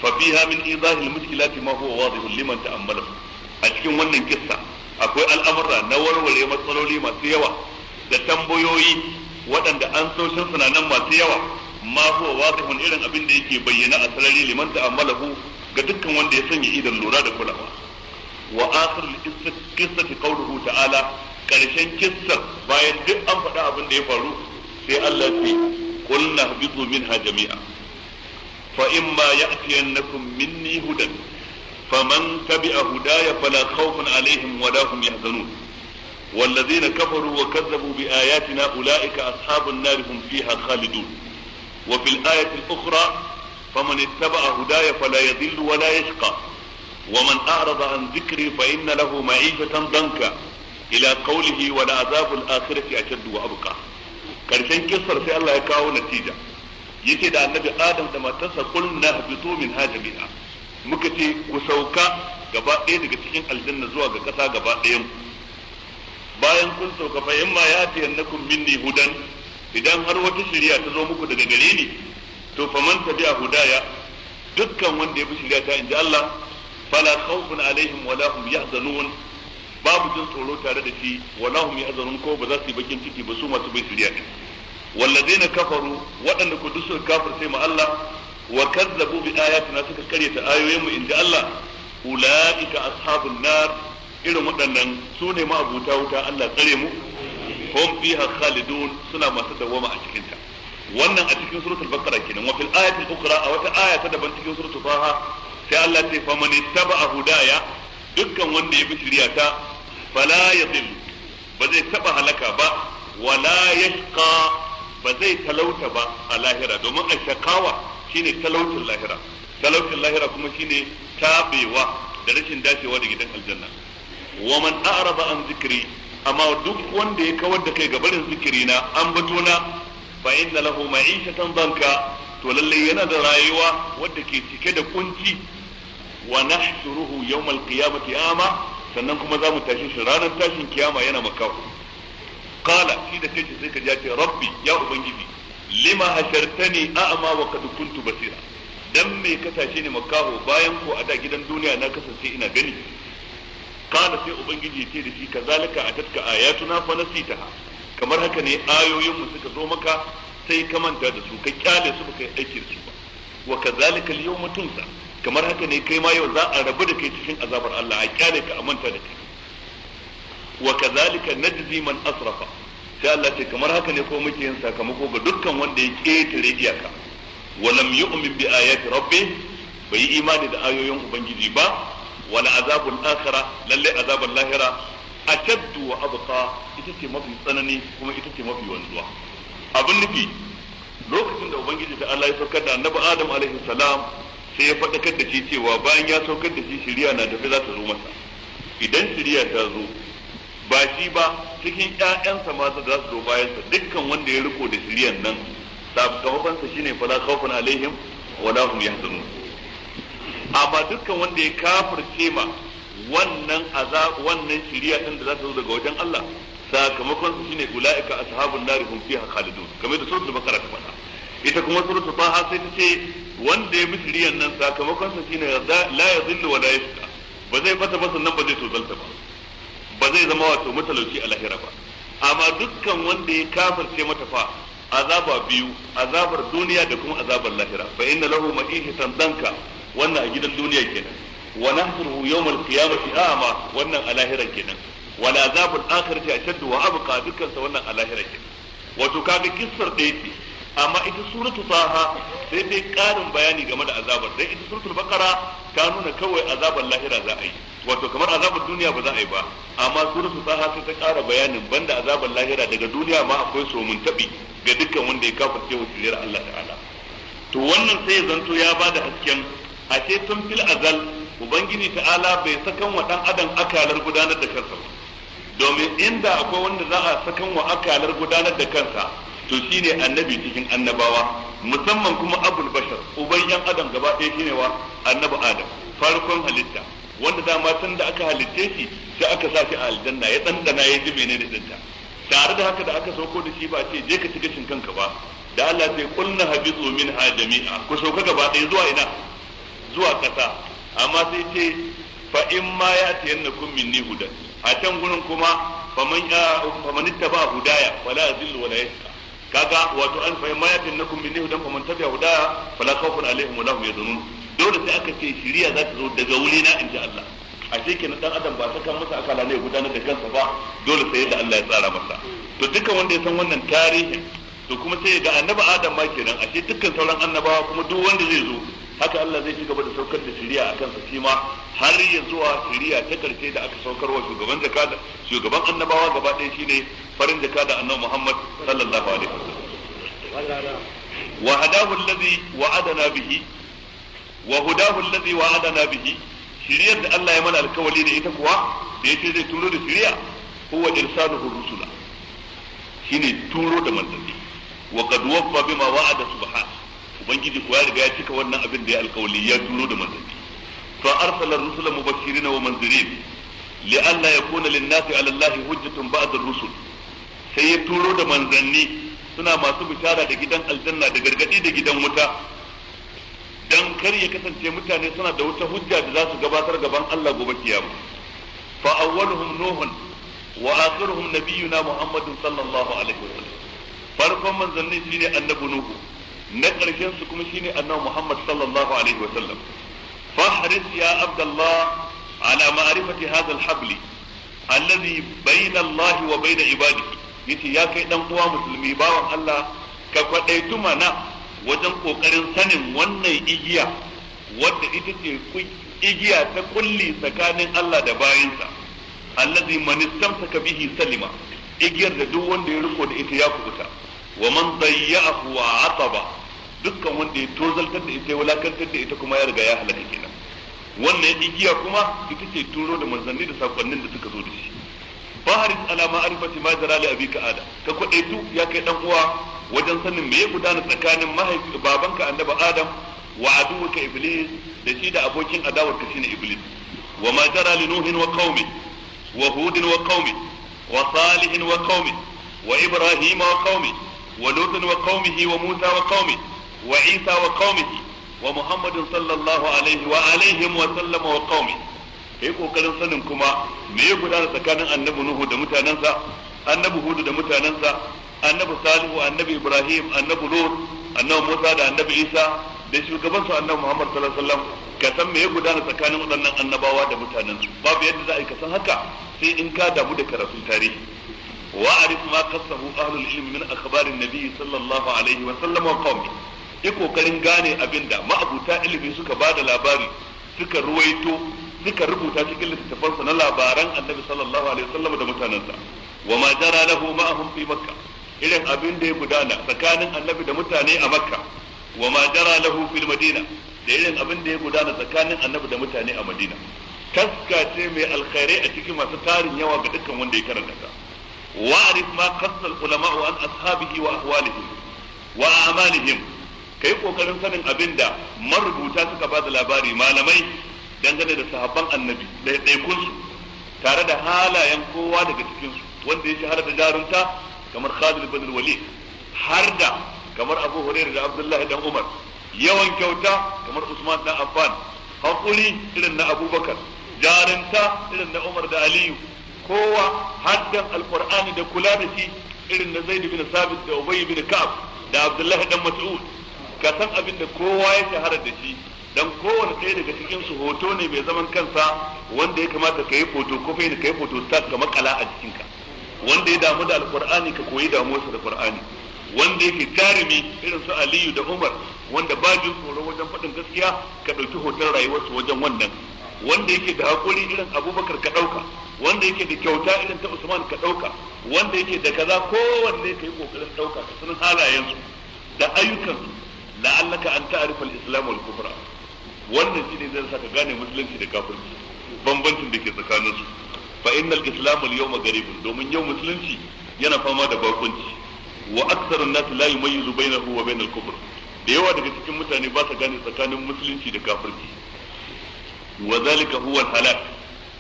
fa fiha min idahi al-mushkilati ma huwa wadihun liman a cikin wannan kissa akwai al'amura na warware matsaloli masu yawa da tambayoyi waɗanda an soshin sunanan masu yawa ma huwa wadihun irin abin da yake bayyana a sarari liman ta'ammalahu ga dukkan wanda ya sanya idan lura da kulawa wa akhir qissati qawluhu ta'ala karshen kissa bayan duk an faɗa abin da ya faru sai Allah ce qulna bitu minha jami'a فإما يأتينكم مني هدى فمن تبع هداي فلا خوف عليهم ولا هم يحزنون والذين كفروا وكذبوا بآياتنا أولئك أصحاب النار هم فيها خالدون وفي الآية الأخرى فمن اتبع هداي فلا يضل ولا يشقى ومن أعرض عن ذكري فإن له معيشة ضنكا إلى قوله ولعذاب الآخرة أشد وأبقى كان كسر في الله يكاو نتيجة yace da annabi adam da matarsa kulna habitu min hajamina muka ce ku sauka gaba ɗaya daga cikin aljanna zuwa ga ƙasa gaba ɗayan bayan kun sauka fa yamma ya ta yannakum minni hudan idan har wata shari'a ta zo muku daga gare ni to faman tabi'a hudaya dukkan wanda ya bi shari'a ta inji Allah fala khawfun alaihim wala hum yahzanun babu jin tsoro tare da shi wala hum yahzanun ko ba za su yi bakin ciki ba su masu bin shari'a wallazina kafaru waɗanda ku dusu kafirce mu Allah wa kazzabu bi ayatina suka karyata ayoyin mu inda Allah ulaika ashabun nar irin waɗannan su ne ma'abuta wuta Allah tsare mu hum fiha khalidun suna masu dawama a cikin ta wannan a cikin suratul baqara kenan wa fil ayati a wata aya ta daban cikin suratul faha sai Allah ce fa man ittaba'a hudaya dukkan wanda ya fi shari'ata fala yadhil ba zai taba halaka ba wala yashqa ba zai talauta ba a lahira domin a shakawa shine talautin lahira talautin lahira kuma shine tabewa da rashin dacewa da gidan aljanna wa man a'rada an zikri amma duk wanda ya kawar da kai gabarin zikiri na an bato na fa inna lahu ma'ishatan banka to lalle yana da rayuwa wadda ke cike da kunci wa nahshuruhu yawmal qiyamati ama sannan kuma za mu tashi shi ranar tashin kiyama yana makawa qala shi da kai sai ka ji ce rabbi ya ubangiji lima hashartani a'ma wa kad kuntu basira dan mai ka tashi ni makaho bayan ko a da gidan duniya na kasance ina gani kana sai ubangiji ya ce da shi kazalika atatka ayatuna fa nasitaha kamar haka ne ayoyin suka zo maka sai ka manta da su ka kyale su baka yi aiki da su ba wa kazalika al-yawma kamar haka ne kai ma yau za a rabu da kai cikin azabar Allah a kyale ka a da kai wa kazalika najzi man asrafa sai Allah ce kamar haka ne ko muke yin sakamako ga dukkan wanda ya ketare iyaka wa lam yu'min bi ayati rabbi bai yi imani da ayoyin ubangiji ba wala azabul akhira lalle azabul lahira ashaddu wa abqa ita ce mafi tsanani kuma ita ce mafi wanzuwa abin nufi lokacin da ubangiji ta Allah ya saukar da annabi Adam alaihi salam sai ya faɗakar da shi cewa bayan ya saukar da shi shiriya na tafi za ta zo masa idan shiriya ta zo ba shi ba cikin ƴaƴansa ma za su zo bayansa dukkan wanda ya riko da shiryan nan sakamakonsa shine fala khawfun alaihim wala hum yahzanun amma dukkan wanda ya kafirce ma wannan azab wannan shiriya din da za ta zo daga wajen Allah sakamakon su shine ulaika ashabun nar hum fiha khalidun kamar da suratul baqara ta faɗa ita kuma suratul taha sai ta ce wanda ya bi shiriyan nan sakamakon sa shine la yadhillu wa la yashqa ba zai fata ba sannan ba zai tozalta ba ba zai zama wato matalauci a lahira ba amma dukkan wanda ya kafirce mata fa azaba biyu azabar duniya da kuma azabar lahira fa inna lahu ma'ishatan danka wannan a gidan duniya kenan wa nahsuruhu yawmal qiyamati a'ma wannan a lahira kenan wala azabul akhirati ashaddu wa abqa dukkan sa wannan a lahira kenan wato kaga kissar da yake amma ita suratu saha sai dai karin bayani game da azabar dai ita suratul baqara ta nuna kawai azabar lahira za a yi wato kamar azabar duniya ba za a yi ba amma suratu saha sai ta kara bayanin banda azabar lahira daga duniya ma akwai mun tabi ga dukkan wanda ya kafirce wa tsirar Allah ta'ala to wannan sai ya zanto ya bada hasken a ce tun fil azal ubangiji ta'ala bai sakan wa dan adam akalar gudanar da kansa ba domin inda akwai wanda za a sakan wa akalar gudanar da kansa to shine annabi cikin annabawa musamman kuma abul bashar uban yan adam gaba ɗaya shine wa annabi adam farkon halitta wanda dama tun da aka halitte shi sai aka sa shi a aljanna ya dandana ya ji menene dinta tare da haka da aka sauko da shi ba ce je ka ci gashin kanka ba da Allah sai kulna habitu minha jami'a ku sauka gaba ɗaya zuwa ina zuwa ƙasa amma sai ce fa in ma ya tayannakum minni hudan a can gurin kuma faman ya ah, faman ittaba hudaya wala azillu wala yashqa kaga wato an fa ma yatin nakum min hudan faman tabi'a hudaya fala khawfun alaihim wala hum yadunun dole sai aka ce shiriya za ta zo daga wuri na ji Allah a shi na dan adam ba ta kan masa akala ne gudanar da kansa ba dole sai da Allah ya tsara masa to duka wanda ya san wannan tarihin to kuma sai ga annabi adam ma kenan ashe dukkan sauran annabawa kuma duk wanda zai zo haka Allah zai ci gaba da saukar da shari'a a sa shi ma har ya zuwa shari'a ta karshe da aka saukarwa shugaban zakada shugaban annabawa gaba ɗaya shine farin zakada annabi Muhammad sallallahu alaihi wasallam wa hadahu alladhi wa'adana bihi wa hudahu alladhi wa'adana bihi shiriyar da Allah ya mana alkawali da ita kuwa da yace zai turo da shiriya huwa irsaluhu rusula shine turo da manzanni wa qad waffa bima wa'ada subhanahu ubangiji kuwa ya riga ya cika wannan abin da ya alkawali ya turo da manzanni fa arsala rusula mubashirin wa manzirin li alla yakuna lin nasi ala allahi hujjatun ba'da rusul sai ya turo da manzanni suna masu bishara da gidan aljanna da gargadi da gidan wuta dan kar ya kasance mutane suna da wata hujja da za su gabatar gaban Allah gobe kiyama fa awwaluhum nuhun wa akhiruhum nabiyyuna muhammadin sallallahu alaihi wasallam farkon manzanni shine annabi nuhu na ƙarshen su kuma shine annabi Muhammad sallallahu alaihi wa sallam fahris ya abdallah ala ma'rifati hadha al-habl alladhi bayna Allah wa bayna ibadihi yace ya kai dan uwa musulmi bawan Allah ka kwadaitu mana wajen kokarin sanin wannan igiya wadda ita ce igiya ta kulli tsakanin Allah da bayinsa allazi man istamsaka bihi salima igiyar da duk wanda ya riko da ita ya kubuta wa man dayya'ahu wa ataba dukkan wanda ya tozaltar da ita ya wulakantar da ita kuma ya riga ya halaka kenan wannan igiya kuma ita ce turo da manzanni da sakonnin da suka zo da shi baharis ala ma'rifati ma jara li abika ada ka kwadaitu ya kai dan uwa wajen sanin me ya gudana tsakanin mahaifi babanka annabi adam wa aduwaka iblis da shi da abokin adawarka shine iblis wa ma jara li nuhin wa qaumi wa hudin wa qaumi wa salihin wa qaumi wa ibrahima wa qaumi wa lutan wa qaumihi wa musa wa qaumi wa isa wa qaumihi wa muhammadin sallallahu wa alaihim wa sallama wa qaumi kai kokarin sanin kuma me ya gudana tsakanin annabi nuhu da mutanansa annabi hudu da mutanansa annabi salihu annabi ibrahim annabi lut annabi musa da annabi isa da shugaban su annabi muhammad sallallahu alaihi wasallam ka san me ya gudana tsakanin waɗannan annabawa da mutanensu babu yadda za a yi ka san haka sai in ka damu da karatun tarihi وأعرف ما قصه أهل العلم من أخبار النبي صلى الله عليه وسلم وقومه yi kokarin gane abinda ma'abuta ilimi suka ba da labari suka ruwaito suka rubuta cikin littattafansa na labaran annabi sallallahu alaihi wasallam da mutanensa wa ma jara lahu ma'ahum fi makka irin abin da ya gudana tsakanin annabi da mutane a makka wa ma jara lahu fil madina da irin abin da ya gudana tsakanin annabi da mutane a madina taska ce mai alkhairai a cikin masu tarin yawa ga dukkan wanda ya karanta ta wa'rif ma qassa ulama wa an ashabihi wa ahwalihim wa amalihim kai kokarin sanin abinda marubuta suka bada labari malamai dangane da sahaban annabi ɗaiɗaikun su tare da halayen kowa daga cikinsu wanda ya shahara da jarunta kamar Khalid ibn Harda kamar Abu Hurairah da Abdullah dan Umar yawan kyauta kamar Usman dan Affan hakuri irin na Abubakar jarinta irin na Umar da Aliyu kowa haddan alqur'ani da kula da shi irin na zaid bin sabit da ubay bin ka'ab da abdullah dan mas'ud ka san abin da kowa ya shahara da shi dan kowane ɗaya daga cikin su hoto ne mai zaman kansa wanda ya kamata ka yi foto kofi kai ka yi foto stat ga makala a cikin ka wanda ya damu da alqur'ani ka koyi damuwarsa da qur'ani wanda yake jarumi irin su Aliyu da Umar wanda ba jin tsoro wajen faɗin gaskiya ka ɗauki hoton rayuwarsu wajen wannan wanda yake da haƙuri irin Abubakar ka ɗauka wanda yake da kyauta idan ta Usman ka dauka wanda yake da kaza kowanne ka yi kokarin dauka ka san halayensu da ayyukan la'allaka an ta'rifa al-islam wal kufra wannan shine zai saka gane musulunci da kafirci bambancin da ke tsakaninsu fa innal islam al-yawma domin yau musulunci yana fama da bakunci wa aktsarun nas la yumayyizu bainahu wa bainal kufr da yawa daga cikin mutane ba sa gane tsakanin musulunci da kafirci wa zalika huwa al-halak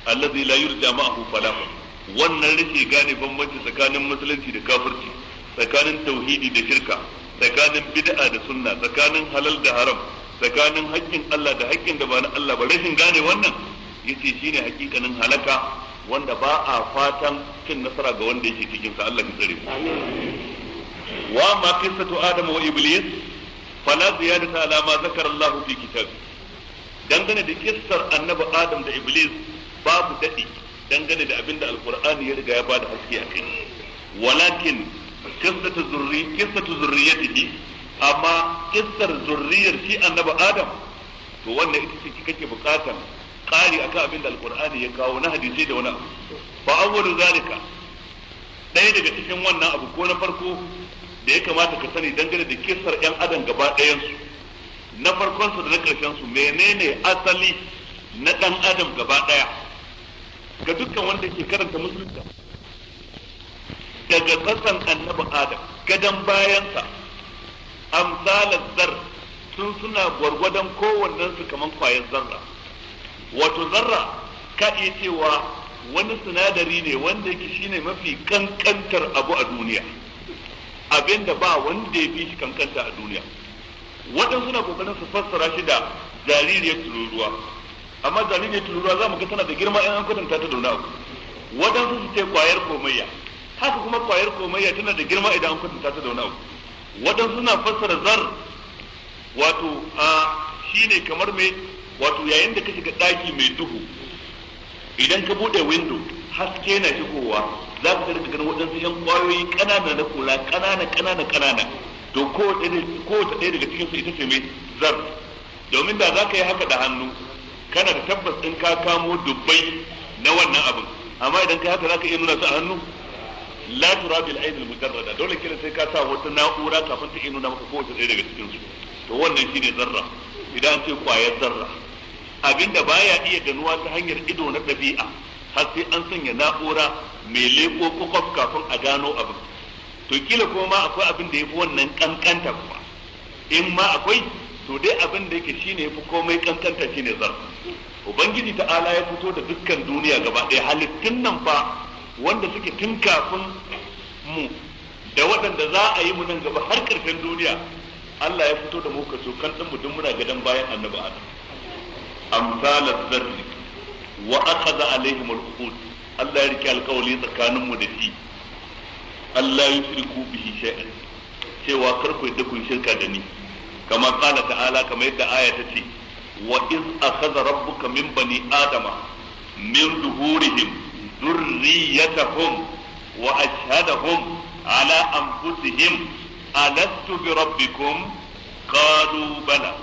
allazi la yurja ma'ahu falah wannan rike gane bambanci tsakanin musulunci da kafirci tsakanin tauhidi da shirka tsakanin bid'a da sunna tsakanin halal da haram tsakanin haƙƙin Allah da haƙƙin da ba na Allah ba rashin gane wannan yace shine hakikanin halaka wanda ba a fatan cin nasara ga wanda yake cikin sa Allah ya tsare mu wa ma qissatu adam wa iblis fala ziyadata ala ma zakara Allah fi kitab dangane da kissar annabi adam da iblis babu daɗi dangane da abinda alqur'ani ya riga ya da haske a kai walakin qissatu zurri qissatu amma kistar zurriyar shi annabi adam to wannan ita ce kake bukatan kari akan abinda alqur'ani ya kawo na hadisi da wani abu fa awwalu zalika ɗaya daga cikin wannan abu ko na farko da ya kamata ka sani dangane da kisar 'yan adam gaba ɗayansu na farkonsu da na ƙarshensu menene asali na ɗan adam gaba ɗaya ga dukkan wanda ke karanta musulunta daga tsatsan annabi adam gadon bayansa amsalar zar sun suna gwargwadon kowannen su kamar kwayar zarra wato zarra ka iya cewa wani sinadari ne wanda yake shine mafi kankantar abu a duniya abinda ba wanda ya fi shi kankanta a duniya waɗansu na kokarin su fassara shi da jaririyar tururuwa amma jaririyar tururuwa za mu ga tana da girma in an kwatanta ta da wani abu wadan su ce kwayar komayya haka kuma kwayar komayya tana da girma idan an kwatanta ta da wani abu wadan na fassara zar wato a shine kamar mai wato yayin da ka shiga ɗaki mai duhu idan ka buɗe window haske na shigowa za ka rika ganin waɗansu yan kwayoyi ƙanana na kula ƙanana ƙanana ƙanana to kowace ɗaya daga cikin su ita ce mai zar domin da za ka yi haka da hannu kana da tabbas in ka kamo dubbai na wannan abin amma idan ka haka zaka iya nuna su a hannu la turabi al-ayn al-mujarrada dole kila sai ka sa wata na'ura kafin ta iya nuna maka kowace ɗaya daga cikin su to wannan shine zarra idan ce kwayar zarra abinda baya iya ganuwa ta hanyar ido na ɗabi'a har sai an sanya na'ura mai leko kwakwaf kafin a gano abin to kila kuma ma akwai abin da ya fi wannan kankanta kuma in ma akwai to dai abin da yake shine fi komai kankanta shine zar ubangiji ta ala ya fito da dukkan duniya gaba ɗaya halittun nan fa wanda suke tun kafin mu da waɗanda za a yi mu nan gaba har ƙarshen duniya Allah ya fito da mu ka kan ɗin mu muna gadan bayan annabi Adam amsal zarri wa aqada alaihim al-uqud Allah ya rike alƙawali tsakanin mu da shi Allah ya shirku bihi shay'an cewa kar yadda ku shirka da ni kama qala ta'ala kamar yadda aya ta ce wa iz akhadha rabbuka min bani adama min zuhurihim dhurriyyatahum wa ashhadahum ala anfusihim alastu bi rabbikum qalu bala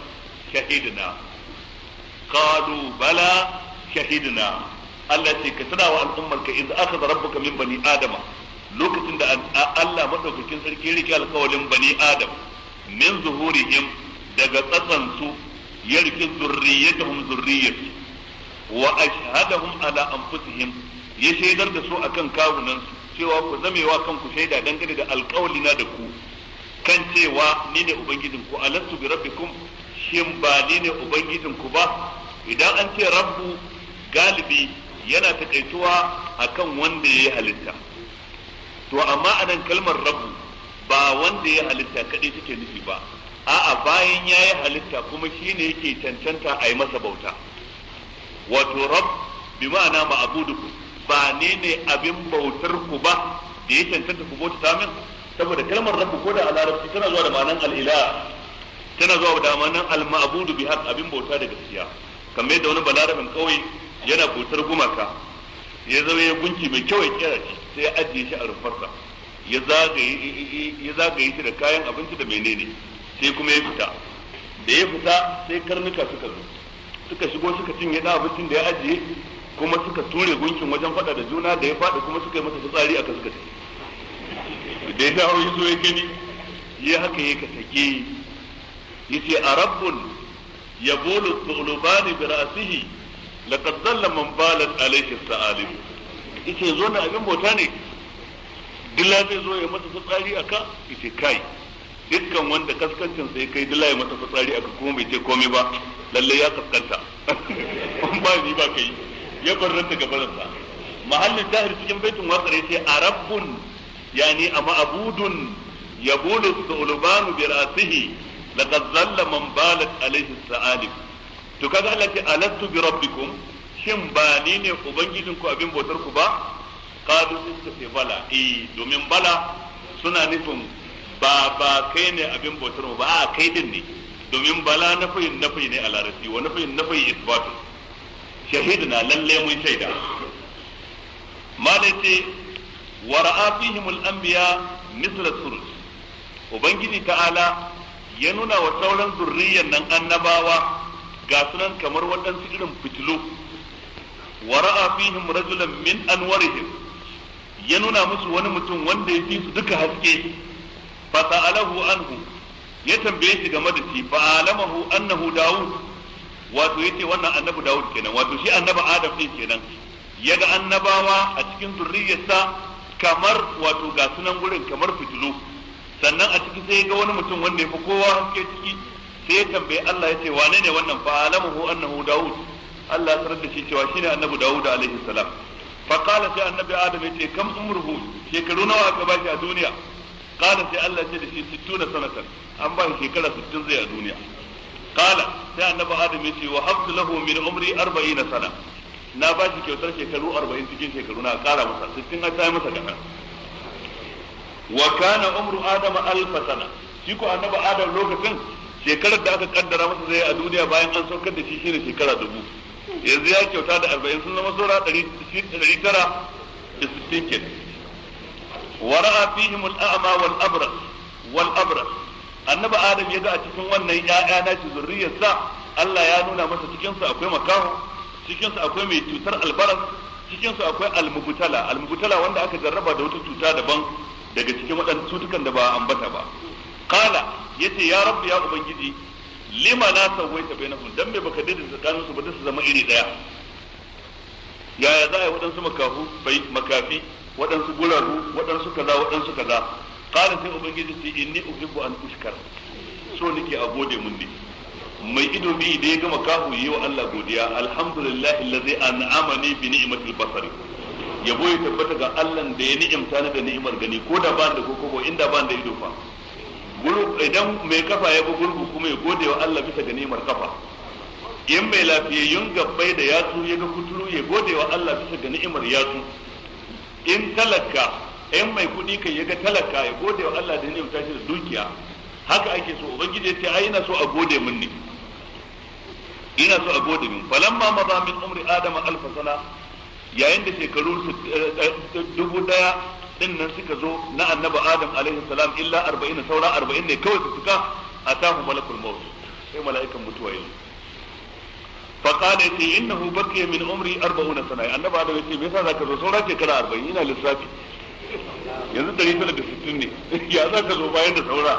shahidna qalu bala shahidna Allah ce ka tana wa al'ummar ka iz akhadha rabbuka min bani adama lokacin da Allah madaukakin sarki ya rike alƙawarin bani adam min zuhurihim daga tsatsansu ya rike zurriyatahum zurriyati wa ashhadahum ala anfusihim ya shaidar da su akan kawunansu cewa ku zamewa kanku shaida dangane da alƙawlina da ku kan cewa ni ne ubangijin ku alastu bi rabbikum shin ba ni ne ubangijin ku ba idan an ce rabbu galibi yana takaituwa akan wanda yayi halitta to amma anan kalmar rabbu ba wanda ya halitta kaɗai take nufi ba a'a bayan ya yi halitta kuma shi ne yake cancanta a yi masa bauta wato rab bi ma'ana ma'budukum ba ne ne abin bautar ku ba da ya cancanta ku bauta min saboda kalmar rabbu ko da alarabci tana zuwa da ma'anan al'ila tana zuwa da ma'anan al-ma'budu bi abin bauta da gaskiya kamar yadda wani balarabin kauye yana bautar gumaka ya zama ya gunki mai kyau ya kera shi sai ya ajiye shi a rufarsa ya zagaye shi da kayan abinci da menene sai kuma ya fita da ya fita sai karnuka suka zo suka shigo suka cinye da abincin da ya ajiye kuma suka ture gunkin wajen fada da juna da ya fada kuma suka yi masa fitsari a kaskata da ya dawo ya zo ya gani ya haka ya kasake ya ce a rabbun ya bolo tsulubani bi ra'asihi laqad dalla man balat alayhi sa'alim yace zo na abin bauta ne dila zai zo ya mata fitsari aka yace kai dukkan wanda kaskancin sai kai dila ya mata fitsari aka kuma bai ce komai ba lalle ya kaskanta kun ba ni ba kai ya barranta sa mahallin tahir cikin baitin waƙar yace arabbun yani ama abudun yabulu sulubanu bi ra'sihi laqad zalla man balat alayhi sa'alib to kaga Allah ce alastu bi rabbikum shin ba ni ne ubangijinku abin bautar ku ba Kadu sun tafi bala eh domin bala suna nufin ba ba kai ne abin bautar ba a kai din ne domin bala nafayin nafayi ne a larabci wa nafayin nafayi isbatu shahiduna lalle mun shaida malaiti wa ra'a fihim al-anbiya misla surus ubangiji ta'ala ya nuna wa sauran zurriyan nan annabawa ga sunan kamar waɗansu irin fitilu wa ra'a fihim rajulan min anwarihim ya nuna musu wani mutum wanda ya fi su duka haske fa alahu anhu ya tambaye shi game da shi fa alamahu annahu daud wato yace wannan annabi daud kenan wato shi annabi adam din kenan ya ga annabawa a cikin zurriyarsa kamar wato ga sunan gurin kamar fitilu sannan a ciki sai ya ga wani mutum wanda ya fi kowa haske ciki sai ya tambaye Allah ya ce wane ne wannan fa alamahu annahu daud Allah ya sanar da shi cewa shine annabi daud alaihi salam فقال سي النبي آدم يتي كم عمره شكرو نوا الدنيا قال سي الله يتي شي ستون سنة أم باي شكرا ستون زي الدنيا قال سي النبي آدم يتي وحفظ له من عمري أربعين سنة na ba shi kyautar shekaru 40 cikin shekaru na kara masa 60 an ta masa kaɗan wa kana umru adama alfa sana shi ko annabi adam lokacin shekarar da aka kaddara masa zai a duniya bayan an saukar da shi dubu yanzu ya kyauta da arba'in sun zama saura ɗari tara da sittin ke a fihim al'ama wal abras wal abras annabi adam ya ga a cikin wannan ya'ya na ci zurriyarsa Allah ya nuna masa cikin su akwai makaho cikin akwai mai cutar albaras cikin su akwai almubutala almubutala wanda aka jarraba da wata cuta daban daga cikin waɗannan cutukan da ba ambata ba qala yace ya rabbi ya ubangiji lima na wai ta bainahum dan me baka daidaita tsakanin su ba su zama iri daya yaya za a yi waɗansu makafu bai makafi waɗansu guraru waɗansu kaza waɗansu kaza qala sai ubangiji sai inni uhibbu an ushkar so nake a gode mun ne mai ido bi da ya gama kafu yi wa Allah godiya alhamdulillahi allazi ni bi ni'matil basari yabo ya tabbata ga Allah da ya ni'imta ni da ni'imar gani ko da ba da koko inda ba da ido fa idan mai kafa ya bi gurgu kuma ya gode wa Allah bisa ga ni'imar kafa in mai lafiyayyun gabbai da yatsu ya ga kuturu ya gode wa Allah bisa ga ni'imar yatsu in talaka in mai kuɗi kai ya ga talaka ya gode wa Allah da ni'imta shi da dukiya haka ake so ubangiji ya ce ai ina so a gode min ne ina so a gode min falamma maza min umri adama alfa sana yayin da shekaru eh, eh, dubu daya din nan suka zo na annabi adam alaihi salam illa 40 saura 40 ne kawai su suka atahu malakul maut sai mala'ikan mutuwa yayi fa qala ti innahu baqiya min umri 40 sana annabi adam yace me yasa zaka zo saura shekara 40 ina lissafi yanzu 960 ne ya zaka zo bayan da saura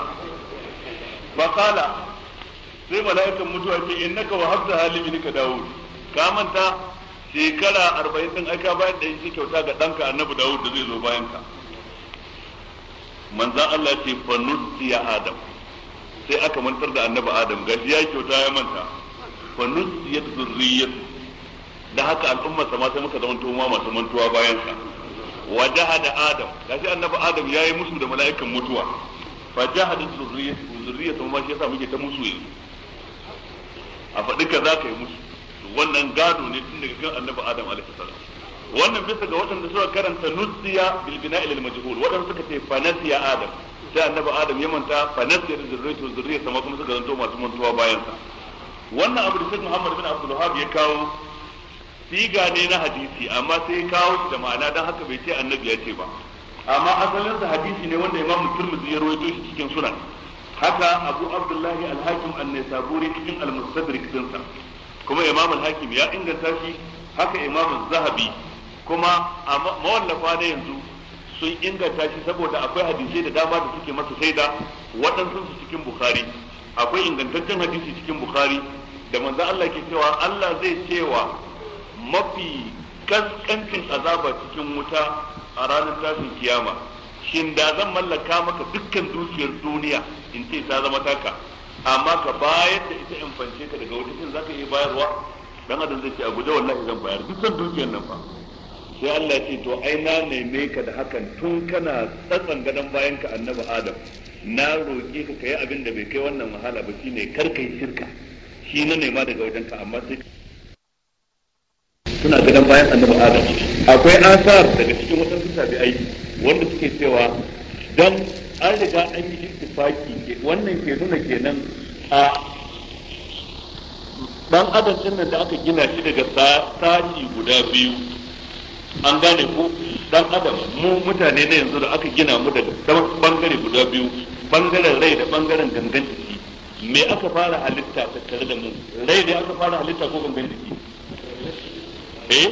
fa sai mala'ikan mutuwa yace innaka wa habza halimin ka daud ka manta shekara arba'in din aka bayar da shi kyauta ga ɗanka annabi dawud da zai zo bayan ka manzan Allah ce fa ya adam sai aka mantar da annabi adam gashi ya kyauta ya manta fa ya zurriyatu da haka al'ummar sama sai muka zama tuma masu mantuwa bayan sa wa da adam gashi annabi adam ya yi musu da mala'ikan mutuwa fa jahada zurriyatu zurriyatu ma shi sa muke ta musu yanzu a faɗi za ka yi musu wannan gado ne tun daga kan annabi adam alaihi salam wannan bisa ga waɗanda suka karanta nusiya bil bina'i lil majhul waɗanda suka ce fanasiya adam sai annabi adam ya manta fanasiya da zurriyatu zurriya sama kuma suka zanto masu mantuwa bayan sa wannan abu da Sheikh Muhammad bin Abdul Wahhab ya kawo siga ne na hadisi amma sai ya kawo shi da ma'ana dan haka bai ce annabi ya ce ba amma asalin sa hadisi ne wanda Imam Tirmidhi ya rawaito shi cikin sunan haka Abu Abdullah al-Hakim an-Naisaburi cikin al-Mustadrak din sa kuma Imam al-Hakim ya inganta shi haka Imam zahabi kuma a mawallafa na yanzu sun inganta shi saboda akwai hadisai da dama da suke masa saida waɗansu su cikin bukari akwai ingantaccen hadisi cikin bukari da manzan Allah ke cewa Allah zai cewa mafi kaskancin azaba cikin wuta a ranar tashin kiyama shin da zan mallaka maka dukkan dukiyar duniya in ce ta zama taka amma ka bayar da ita in fance ka daga wuta za zaka iya bayarwa dan adam zai ce a guje wallahi zan bayar dukkan dukiyar nan fa sai Allah ce to ai na neme ka da hakan tun kana tsatsan gadon bayan ka annabi Adam na roƙi ka kai abin da bai kai wannan wahala ba shine kar kai shirka shi na nema daga wajen ka amma sai suna gadon bayan annabi Adam akwai asar daga cikin wata aiki wanda suke cewa dan an riga an yi ittifaki wannan ke nuna kenan a dan adam din da aka gina shi daga sashi guda biyu an gane ku dan adam mu mutane na yanzu da aka gina mu daga bangare guda biyu bangaren rai da bangaren gangan jiki me aka fara halitta tattare da mu rai ne aka fara halitta ko gangan jiki eh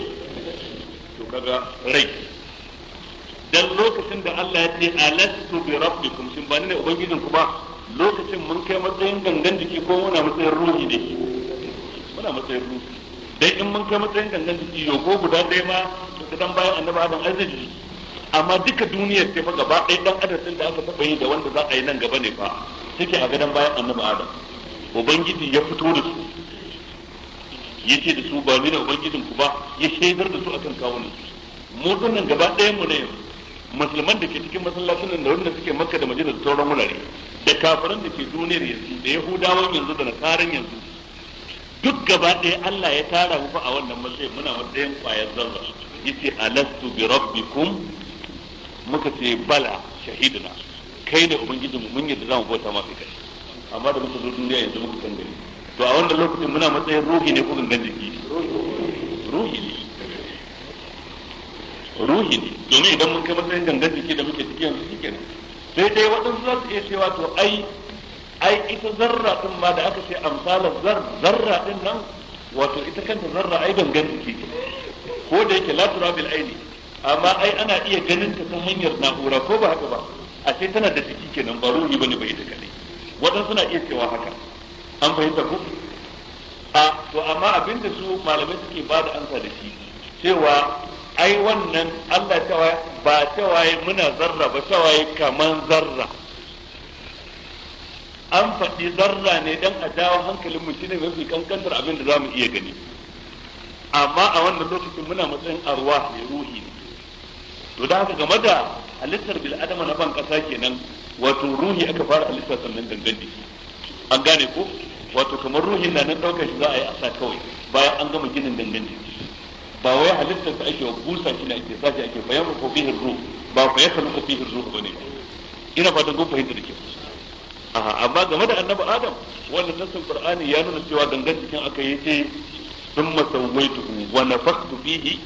to kaga rai dan lokacin da Allah ya ce alastu bi rabbikum shin ba ne ubangijin ku ba lokacin mun kai matsayin gangan jiki ko muna matsayin ruhi ne muna matsayin ruhi dai in mun kai matsayin gangan jiki yogo guda ɗaya ma to dan bayan annabi adam arziki amma duka duniyar ta fa gaba ɗaya dan adadin da aka taɓa yi da wanda za a yi nan gaba ne fa take a gadan bayan annabi adam ubangiji ya fito da su ya ce da su ba ni ne ubangijin ku ba ya shaidar da su akan kawo ne mu dinnan gaba ɗaya mu ne yanzu musulman da ke cikin masallacin nan da wanda suke makka da majalisar da sauran wurare da kafiran da ke duniyar yanzu da yahudawan yanzu da nasaran yanzu duk gaba ɗaya Allah ya tara mu a wannan matsayi muna matsayin ƙwayar zarra yace alastu bi rabbikum muka ce bala shahidina kai ne ubangijinmu mun yadda zamu bauta ma kai kai amma da muka zo duniya yanzu muka san gari to a wannan lokacin muna matsayin ruhi ne ko gangan jiki ruhi ne ruhi ne domin idan mun kai matsayin gangan jiki da muke cikin yanzu kenan. sai dai waɗansu za su iya cewa to ai ai ita zarra din ma da aka ce amsalar zar zarra din nan wato ita kanta zarra ai gangan take ko da yake la tura bil aini amma ai ana iya ganin ta ta hanyar na'ura ko ba haka ba a sai tana da ciki kenan ba ruhi bane ba ita kadai wadan suna iya cewa haka an fahimta ko a to amma abinda su malamai suke ba da amsa da shi cewa ai wannan Allah cewa ba cewa muna zarra ba cewa kaman zarra an faɗi zarra ne dan a dawo hankalin mu shine mafi kankantar abin da zamu iya gani amma a wannan lokacin muna matsayin arwa mai ruhi ne to da haka game da halittar bil adama na ban kasa kenan wato ruhi aka fara halitta sannan gangan jiki an gane ko wato kamar ruhin na nan daukar shi za a yi asa kawai bayan an gama ginin gangan jiki ba wai halittar da ake wa busa shi ne ake sashi ake bayan ko fihin ruhu ba fa yaka ko fihin ba bane ina fatan kun fahimta da kyau amma game da annabi adam wannan nasin qur'ani ya nuna cewa gangan cikin aka yi ce sun masawaitu wa nafaktu fihi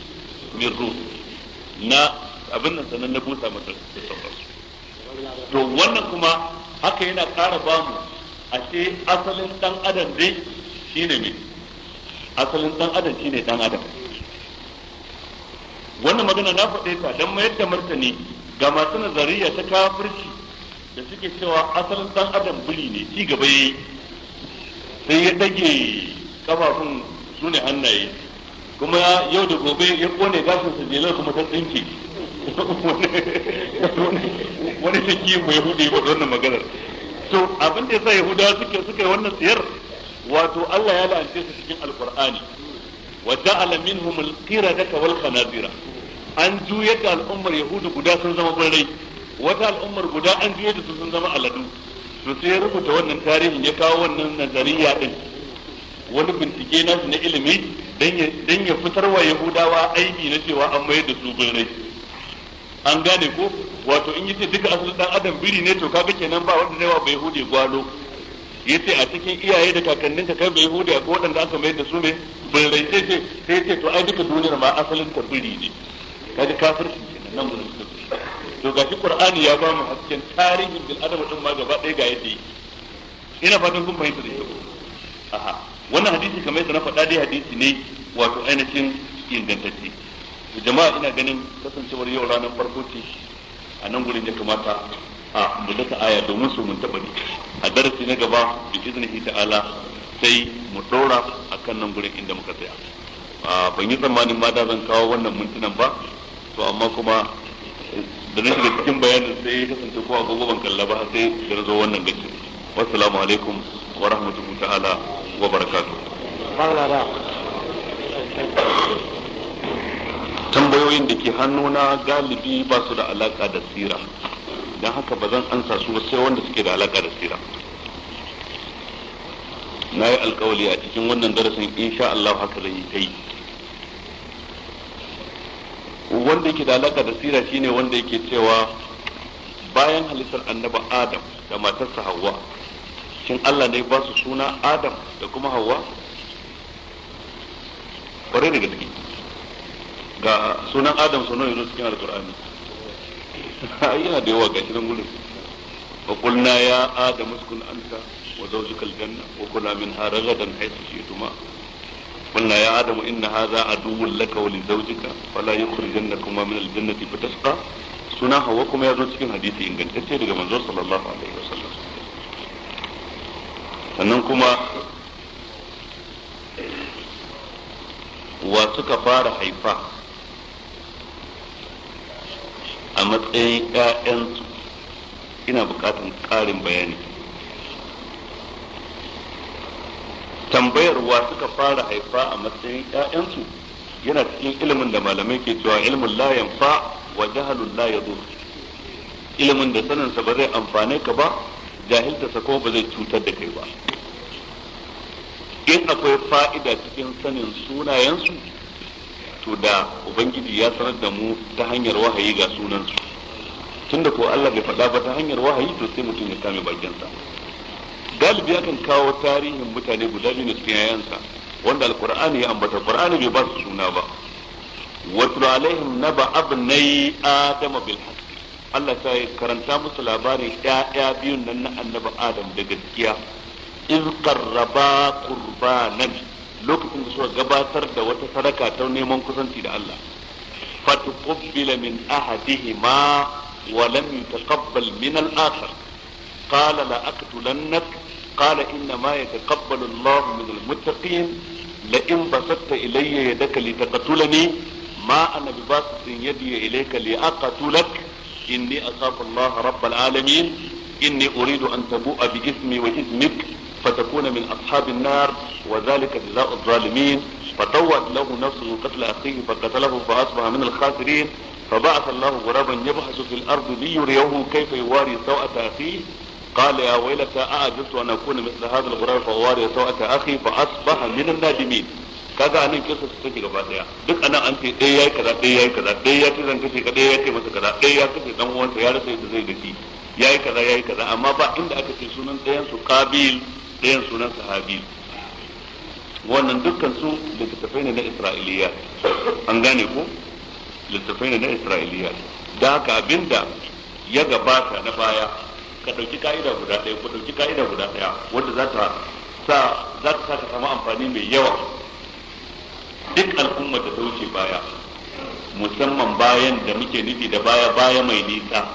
min ruhi na abin nan sanan na busa masa to wannan kuma haka yana ƙara bamu ce asalin dan adam dai shine me asalin dan adam shine dan adam wannan magana na faɗe ta dan mayar da martani ga masu nazariya ta kafirci da suke cewa asalin dan adam biri ne ci gaba yayi sai ya dage kafafun su ne hannaye kuma yau da gobe ya kone gashin sa jelar kuma ta tsinke wani shaki mai hudu ba wannan maganar so abin da yasa yahudawa suke suka yi wannan siyar wato Allah ya la'ance su cikin alqur'ani wa ja'ala minhum alqirada wal khanazira an juyata al'ummar yahudu guda sun zama barai wata al'ummar guda an je da su sun zama aladu to sai ya rubuta wannan tarihin ya kawo wannan nazariya din wani bincike su na ilimi dan ya fitar wa yahudawa aiki na cewa an mayar da su birrai an gane ko wato in yace duka asali dan adam biri ne to kaga kenan ba wanda zai wa bai hude gwalo yace a cikin iyaye da kakanninka kai bai hude ko da aka mayar da su ne birrai sai ce sai ce to ai duka duniyar ma asalin ta biri ne kaji kafirci kenan nan gurin to shi qur'ani ya ba mu hasken tarihin bil adam din ma gaba ɗaya ga yadda ina fatan kun bayyana da aha wannan hadisi kamar yadda na faɗa dai hadisi ne wato ainihin ingantacce jama'a ina ganin kasancewar yau ranar farko ce a nan gurin ya kamata a mu dasa aya domin su mun taɓa a darasi na gaba bi iznihi ta'ala sai mu ɗora akan nan gurin inda muka tsaya ah, ban yi tsammanin ma da zan kawo wannan mintunan ba to amma kuma da na shiga cikin bayanin sai ya kasance ko agogo ban kalla ba sai da zo wannan gaci wassalamu alaikum wa rahmatullahi ta'ala wa barakatuh tambayoyin da ke na galibi ba su da alaka da sira don haka ba zan ansa su ba sai wanda suke da alaka da sira na yi alkawali a cikin wannan darasin insha Allah haka zai yi wanda yake da alaka da sira shine wanda yake cewa bayan halittar annaba adam da matarsa hawa shin Allah ne ba su suna adam da kuma hawa kwarai da gaske ga sunan adam sunan yanzu cikin alkur'ani yana da yawa ga shirin gudun فقلنا يا آدم اسكن wa وزوجك الجنة وكلا منها رغدا حيث tuma. قلنا يا آدم إن هذا عدو لك ولزوجك فلا يخرجنكما من الجنة فتشقى سنا هوكما يا زوجك حديث إن كنت تشير منزول صلى الله عليه وسلم sannan kuma wa suka fara haifa a matsayin 'ya'yansu ina bukatan ƙarin bayani tambayarwa suka fara haifa a matsayin ƴaƴansu yana cikin ilimin da malamai ke cewa ilimin la yanfa wa jahalun la ilimin da saninsa ba zai amfane ka ba jahilta sa kuma ba zai cutar da kai ba in akwai fa'ida cikin sanin sunayensu to da ubangiji ya sanar da mu ta hanyar wahayi ga sunansu tunda ko Allah bai faɗa ba ta hanyar wahayi to sai mutum ya kame bakinsa galibi kan kawo tarihin mutane guda biyu ne cikin yayansa wanda alkur'ani ya ambata qur'ani bai ba su suna ba watlu alaihim naba abnai adama bil Allah ta karanta musu labarin ƴaƴa biyun nan na annabi adam da gaskiya iz qarraba qurbanan lokacin da suka gabatar da wata sadaka ta neman kusanci da Allah fatuqbila min ahadihima wa lam yutaqabbal min al-akhar قال لأقتلنك قال إنما يتقبل الله من المتقين لئن بسطت إلي يدك لتقتلني ما أنا بباسط يدي إليك لأقتلك إني أخاف الله رب العالمين إني أريد أن تبوء بإثمي وإثمك فتكون من أصحاب النار وذلك جزاء الظالمين فطوت له نفسه قتل أخيه فقتله فأصبح من الخاسرين فبعث الله غرابا يبحث في الأرض ليريه كيف يواري سوءة أخيه قال يا ويلتى أعجبت أن أكون مثل هذا الغراب فأواري سوءة أخي فأصبح من النادمين kaga anan kisa su take gaba daya duk anan an ce ɗaya yayi kaza ɗaya yayi kaza ɗaya ya kiran kace ka ɗaya ya ce masa kaza ɗaya ya kace dan uwansa ya rasa yadda zai da shi yayi kaza yayi kaza amma ba inda aka ce sunan ɗayan su kabil ɗayan sunan Sahabil wannan dukkan su littattafai ne na Isra'iliya an gane ko littattafai ne na Isra'iliya da haka abinda ya gabata na baya ka ɗauki ka'ida guda ɗaya ku ɗauki ka'ida guda ɗaya wanda za ta sa za ta sa ka samu amfani mai yawa duk al'umma da ta wuce baya musamman bayan da muke nufi da baya baya mai nisa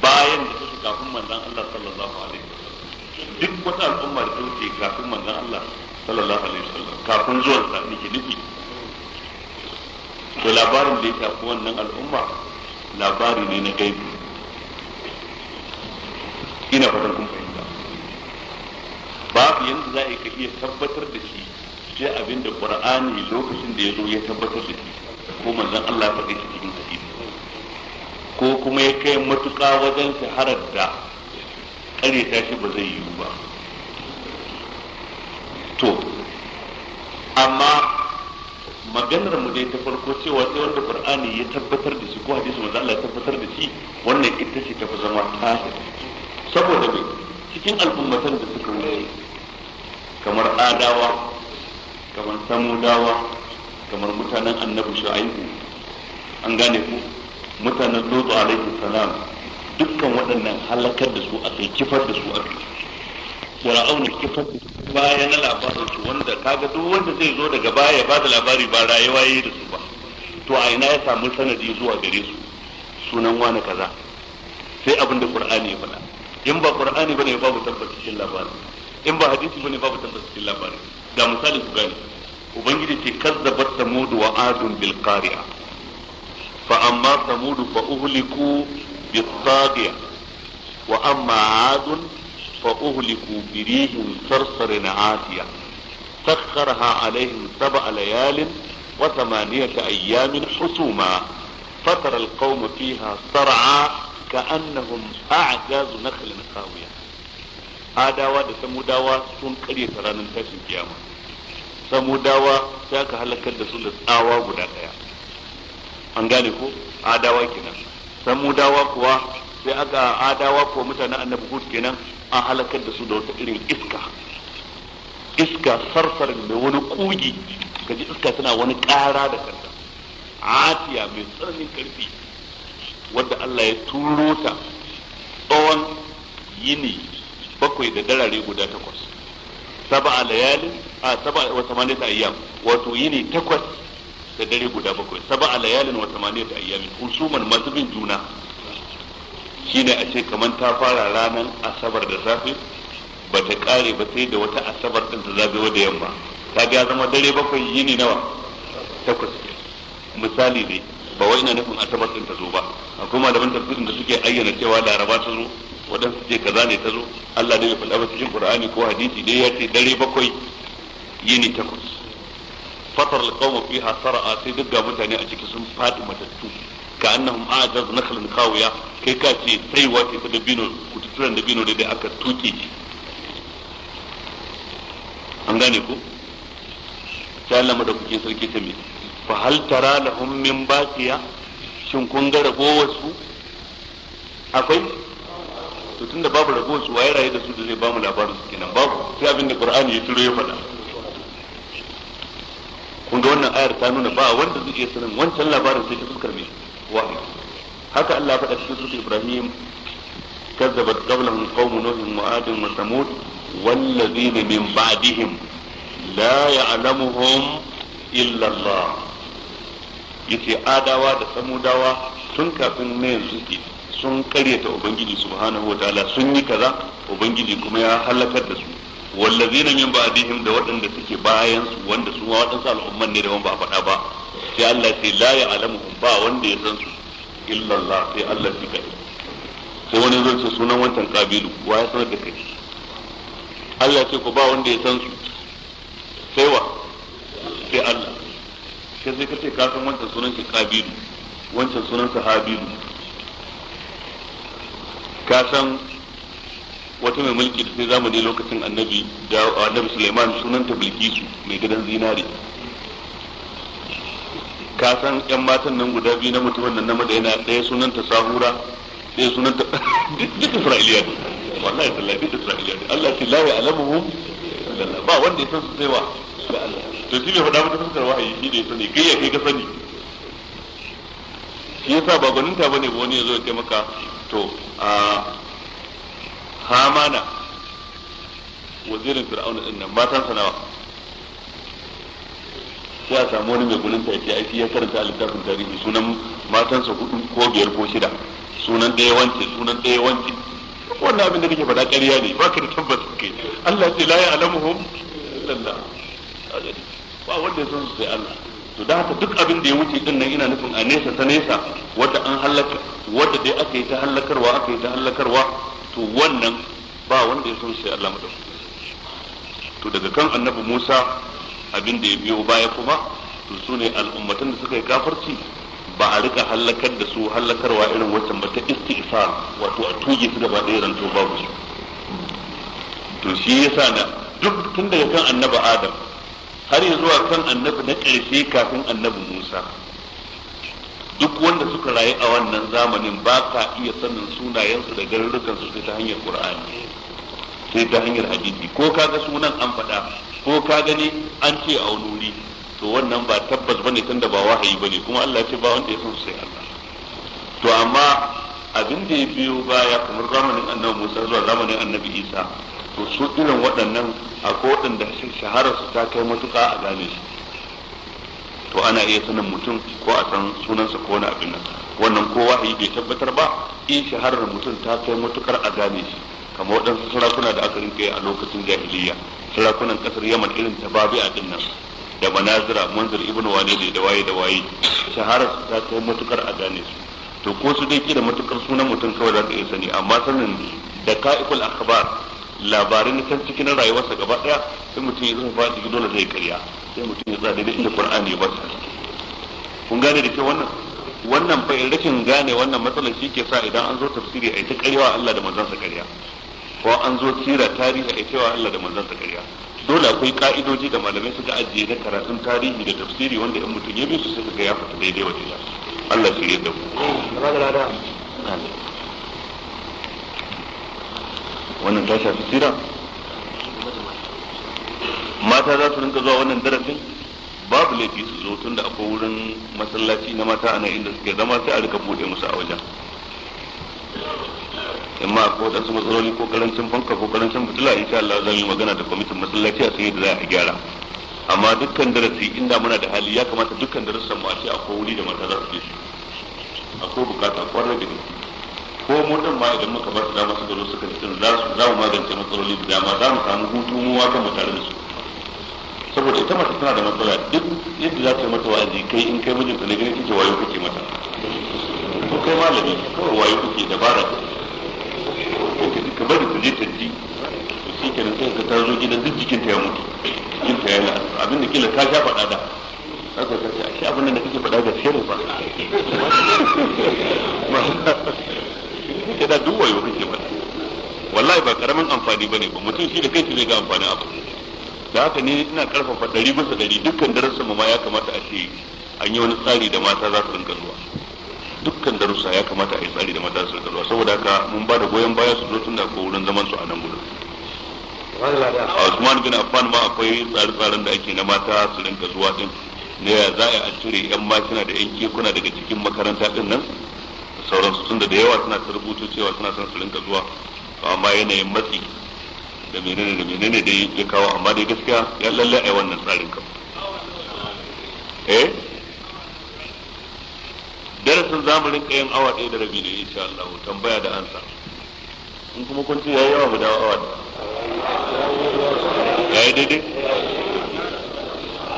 bayan da suke kafin manzon Allah sallallahu alaihi wasallam duk wata al'umma da ta wuce kafin manzon Allah sallallahu alaihi wasallam kafin zuwan sa nake nufi to labarin da ya shafi wannan al'umma labari ne na gaibi ina fatan kun fahimta babu yanda za ka iya tabbatar da shi sai abin da qur'ani lokacin da ya zo ya tabbatar da shi ko manzon Allah faɗi shi cikin hadisi ko kuma ya kai matuƙa wajen shaharar da ta shi ba zai yiwu ba to amma maganar mu dai ta farko cewa sai wanda qur'ani ya tabbatar da shi ko hadisi manzon Allah ya tabbatar da shi wannan ita ce ta zama tahir saboda me cikin al'ummatan da suka wuce kamar adawa kamar samudawa kamar mutanen annabi shu'aibu an gane ku mutanen lutsu alaihi salam dukkan waɗannan halakar da su a kai kifar da su a kai wani auna kifar da su baya na labarin su wanda kaga duk wanda zai zo daga baya ya bada labari ba rayuwa yi da su ba to a ina ya samu sanadi zuwa gare su sunan wani kaza sai abin da qur'ani ya faɗa in ba qur'ani bane babu tabbas cikin labarin in ba hadisi bane babu tabbas cikin labarin ga misali ku gani ubangiji ce kazzabat samud wa adun bil qari'a fa amma samud fa uhliku bis sabiya wa amma adun fa uhliku bi rihin sarsarin atiya alaihim sab'a layalin wa thamaniyata ayyamin husuma فترى القوم فيها صرعى Ka كأنهم أعجاز نخل خاوية adawa da samudawa sun karye ranar tashin kiyama samudawa sai aka halakar da su da tsawa guda daya an gane ko adawa kenan samudawa kuwa sai aka adawa ko mutanen annabi hud kenan an halakar da su da wata irin iska iska sarsar da wani kugi kaji iska tana wani kara da kanta atiya mai tsananin karfi wadda Allah ya turo ta tsawon yini bakwai da darare guda takwas saba layalin a saba wa ta ayyam wato yini takwas da dare guda bakwai saba layalin wa samaniyat ayyam husuman masu bin juna shine a ce kamar ta fara ranar asabar da safe ba ta kare ba sai da wata asabar din ta wa da yamma ta ga zama dare bakwai yini nawa takwas misali ne. ba wai ina nufin asabar din ta zo ba akwai malaman tafsirin da suke ayyana cewa laraba ta zo waɗansu ce kaza ne ta zo Allah ne ya faɗa ba cikin Qur'ani ko hadisi dai ya ce dare bakwai yini takwas fatar alqawm fiha sar'a sai duk ga mutane a ciki sun fadi matattu ka annahum a'jaz nakhlin qawiya kai ka ce sai wace ta dabino kututuran dabino da dai aka tuke an gane ko ta Allah madaukakin sarki ta mai fa hal tara lahum min basiya shin kun ga ragowar su akwai to tunda babu ragowar su waye raye da su da zai bamu labarin su kenan babu sai abin da qur'ani ya turo ya faɗa kun ga wannan ayar ta nuna ba wanda zai iya sanin wancan labarin sai ta fuskar mai wahayi haka Allah faɗa cikin sunan Ibrahim كذبت قبلهم قوم نوح وعاد وثمود والذين من بعدهم لا يعلمهم إلا الله yace adawa da samudawa tun kafin na yanzu ke sun karyata ubangiji subhanahu wataala sun yi kaza ubangiji kuma ya halakar da su wallazina min ba'dihim da waɗanda suke bayan su wanda su ma waɗansu al'umman ne da wanda ba faɗa ba sai Allah sai la ya'lamuhum ba wanda ya san su illa Allah sai Allah shi kai sai wani zo ce sunan wancan kabilu wa ya sanar da kai Allah ce ku ba wanda ya san su sai wa sai Allah kai sai kace ce ka san wancan sunan shi wancan sunan sa ka san wata mai mulki da sai zamani lokacin annabi da annabi Sulaiman sunan ta Bilkisu mai gidan zinare ka san yan matan nan guda biyu na mutumin nan na madaina ɗaya sunan ta Sahura ɗaya sunan ta duk Isra'iliya wallahi tallafi Isra'ila ne Allah ce la ya'lamuhum illallah ba wanda ya san su sai wa ga Allah to shi bai faɗa mata fuskar wahayi shi da ya sani kai ya kai ka sani shi yasa ba gwaninta bane ba wani ya zo ya taimaka to a hamana wazirin fir'auna din nan matan sanawa sai a samu wani mai gwaninta ya ce ai shi ya karanta a littafin tarihi sunan matansa hudu ko biyar ko shida sunan ɗaya wance sunan ɗaya wance wannan abin da kake faɗa ƙarya ne ba baka da tabbas kai Allah ce la ya'lamuhum illallah ba wanda ya san su sai Allah to da haka duk abin da ya wuce din nan ina nufin a nesa ta nesa wadda an halaka wadda dai aka yi ta halakarwa aka yi ta halakarwa to wannan ba wanda ya san sai Allah mu to daga kan annabi Musa abin da ya biyo baya kuma to sune al'ummatan da suka yi kafirci ba a rika halakar da su hallakarwa irin wancan ba ta istighfar wato a tuge su gaba ɗaya zanto babu su to shi yasa na duk tun daga kan annabi adam har ya zuwa kan annabi na ƙarshe kafin annabi musa duk wanda suka rayu a wannan zamanin ba ka iya sanin sunayensu da garurukansu sai ta hanyar qur'ani sai ta hanyar hadisi ko kaga sunan an faɗa ko ka gani an ce a wani to wannan ba tabbas bane tunda ba wahayi bane kuma Allah ya ce ba wanda ya san sai Allah to amma abin da ya biyo baya kamar zamanin annabi Musa zuwa zamanin annabi Isa to su irin waɗannan akwai waɗanda shahara su ta kai matuƙa a gane shi to ana iya sanin mutum ko a san sunansa ko wani abin nan wannan ko wahayi bai tabbatar ba in shaharar mutum ta kai matukar a gane shi kamar waɗansu sarakuna da aka rinka yi a lokacin jahiliya sarakunan ƙasar yaman irin ta babi a nan da manazira manzur ibnu wane ne da waye da waye shaharar ta kai matukar a gane su to ko su dai da matukar sunan mutum kawai za ka iya sani amma sanin da ka'ikul akhbar labarin kan cikin rayuwarsa gaba daya sai mutum ya zama ba shi dole zai karya sai mutum ya tsaya daidai inda qur'ani ya ba su kun gane da ke wannan wannan fa rashin gane wannan matsalar shi ke sa idan an zo tafsiri a ta karyawa Allah da manzon sa karya ko an zo tira tarihi a ita Allah da manzon sa karya dole akwai ka'idoji da malamai suka ajiye na karatun tarihi da tafsiri wanda 'yan mutum ya bi su suka ga ya fita daidai wa jiya Allah shi ya dabu wannan ta shafi sira mata za su rinka zuwa wannan darasin babu laifi su zo da akwai wurin masallaci na mata a nan inda suke zama sai a rika bude musu a wajen amma ko wadansu matsaloli ko karancin fanka ko karancin fitila sha Allah zan yi magana da kwamitin masallaci a sanya da za a gyara amma dukkan darasi inda muna da hali ya kamata dukkan darasin mu a ce akwai wuri da mata za su je su akwai bukata kwarai da gaske ko mu dan ma idan muka ba su dama su gado suka cikin za su za mu magance matsaloli da dama za mu samu hutu mu wata mu tare da su saboda ita mata tana da matsala duk yadda za ta yi mata wa'azi kai in kai mijinta ne gani kike wayo kake mata ko kai malami kawai wayo kake dabara ce ka bari su je ta ji shi kenan sai ka ta zo gidan duk jikin ta ya mutu jikin ta ya yi abin da kila ta sha faɗa da haka ka ce ashe abin da kake faɗa gaske ne ba kada duk wayo kake faɗa wallahi ba karamin amfani bane ba mutum shi da kai zai ga amfanin abu da haka ne ina karfafa ɗari bisa ɗari dukkan darasin mu ma ya kamata a ce an yi wani tsari da mata za su rinka zuwa dukkan darussa ya kamata a yi tsari da matasa da zuwa saboda haka mun ba da goyon baya su zo da ko wurin zaman su a nan gudu a Usman bin Affan ma akwai tsare-tsaren da ake na mata su rinka zuwa din ne ya za a cire yan makina da yan kekuna daga cikin makaranta din nan sauransu tun da yawa suna ta rubutu cewa suna son su rinka zuwa amma yanayin matsi da menene da menene da ya kawo amma dai gaskiya ya lalle yi wannan tsarin kan eh darasin zamanin kayan awa ɗaya da rabi ne insha Allah tambaya da ansa in kuma kun ce yayi yawa guda awa awa yayi daidai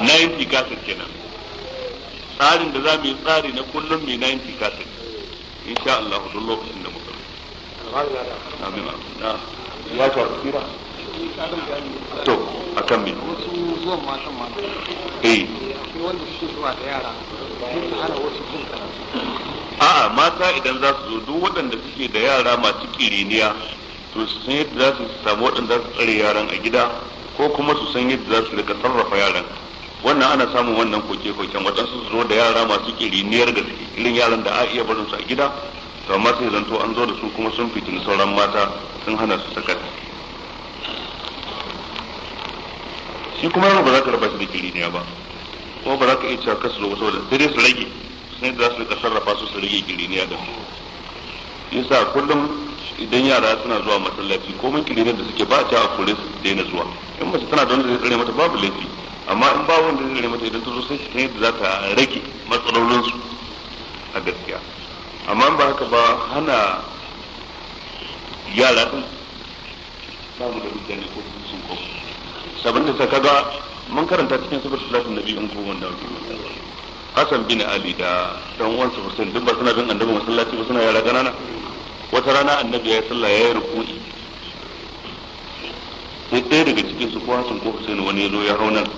na yin tikasar kenan tsarin da za mu yi tsari na kullum mai na yin tikasar insha Allah duk lokacin da muka amin Ya ce ta tsira a'a mata idan za su zo duk waɗanda suke da yara masu ƙiriniya to su san yadda za su samu waɗanda za su tsare yaran a gida ko kuma su san yadda za su rika sarrafa yaran wannan ana samun wannan koke-koken waɗansu su zo da yara masu ƙiriniyar da irin yaran da a iya barin su a gida to amma sai zanto an zo da su kuma sun fitin sauran mata sun hana su sakar shi kuma yaro ba za ka raba shi da kiriniya ba ko ba za ka iya cakas da wasu saboda sai dai su rage sai da za su rika sarrafa su su rage kiriniya da yasa kullum idan yara suna zuwa masallaci ko mun kirinin da suke ba a cewa kore su daina zuwa in mace tana da wanda zai tsare mata babu laifi amma in ba wanda zai tsare mata idan ta zo sai ta yadda za ta rage matsalolin su a gaskiya amma ba haka ba hana yara din ba da hujja ko sun kofi sabon da saka ga mun karanta cikin da salatin nabi in ko wanda wani. Hassan bin Ali da dan uwansa Hussein duk ba suna bin annabi masallaci ba suna yara ganana wata rana annabi ya yi sallah ya yi rukuni sai ɗaya daga cikin su ko Hassan ko Hussein wani ya zo ya hau nan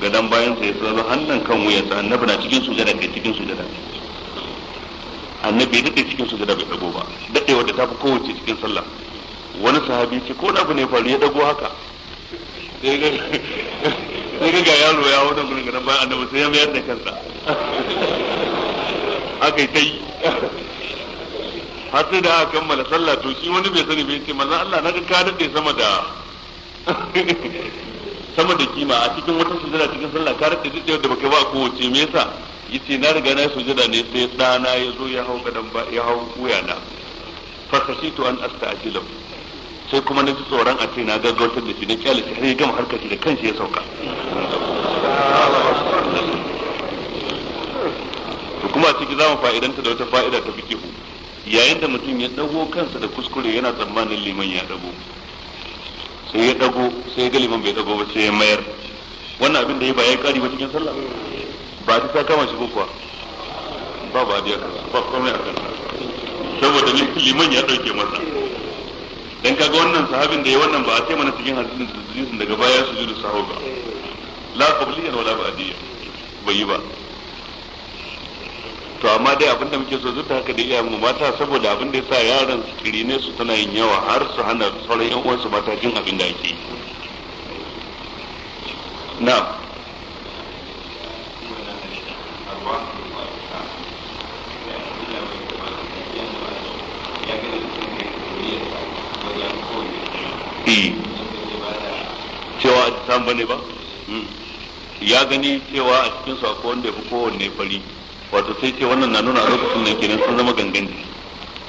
dan bayan sa ya tsaro hannun kan wuyansa annabi na cikin su gada kai cikin su gada annabi daɗe cikin su gada bai dago ba daɗewa da ta fi kowace cikin sallah wani sahabi ce ko na abu ne faru ya dago haka sai ga yaro ya wata da gurin gadan bayan annabi sai ya mayar da kansa aka yi ta yi har sai da aka kammala sallah to shi wani bai sani bai ce maza Allah na ga ka dade sama da sama da kima a cikin wata sujada cikin sallah ka dade duk da baka ba kowace me yasa yace na riga na sujada ne sai dana ya zo ya hau gadan ba ya hau kuya na fasashitu an asta'jilu sai kuma na ji tsoron a ce na gaggautar da shi na kyale shi har ya gama harkar shi da kanshi ya sauka to kuma a ciki za mu fa'idanta da wata fa'ida ta ku. yayin da mutum ya dago kansa da kuskure yana tsammanin liman ya dago sai ya dago sai ya ga liman bai dago ba sai ya mayar wannan abin da ya ba ya kari ba cikin sallah ba ta ta kama shi ko kuwa ba ba da ba komai a kan saboda liman ya dauke masa dan kaga wannan sahabin da ya wannan ba a ce mana cikin hadisin hadisin daga baya su judu sahabu ba la qabliyan wala ba'diyya bai yi ba to amma dai abinda muke so zuta haka da iyayen mata saboda abinda da yasa yaran su kirine su tana yin yawa har su hana sauran yan su mata jin abin da ake yi na'am Eh. cewa a sam bane ba hmm. ya gani cewa a cikin su wanda ya fi kowanne fari wato sai ce wannan na nuna a lokacin nan kenan sun zama gangan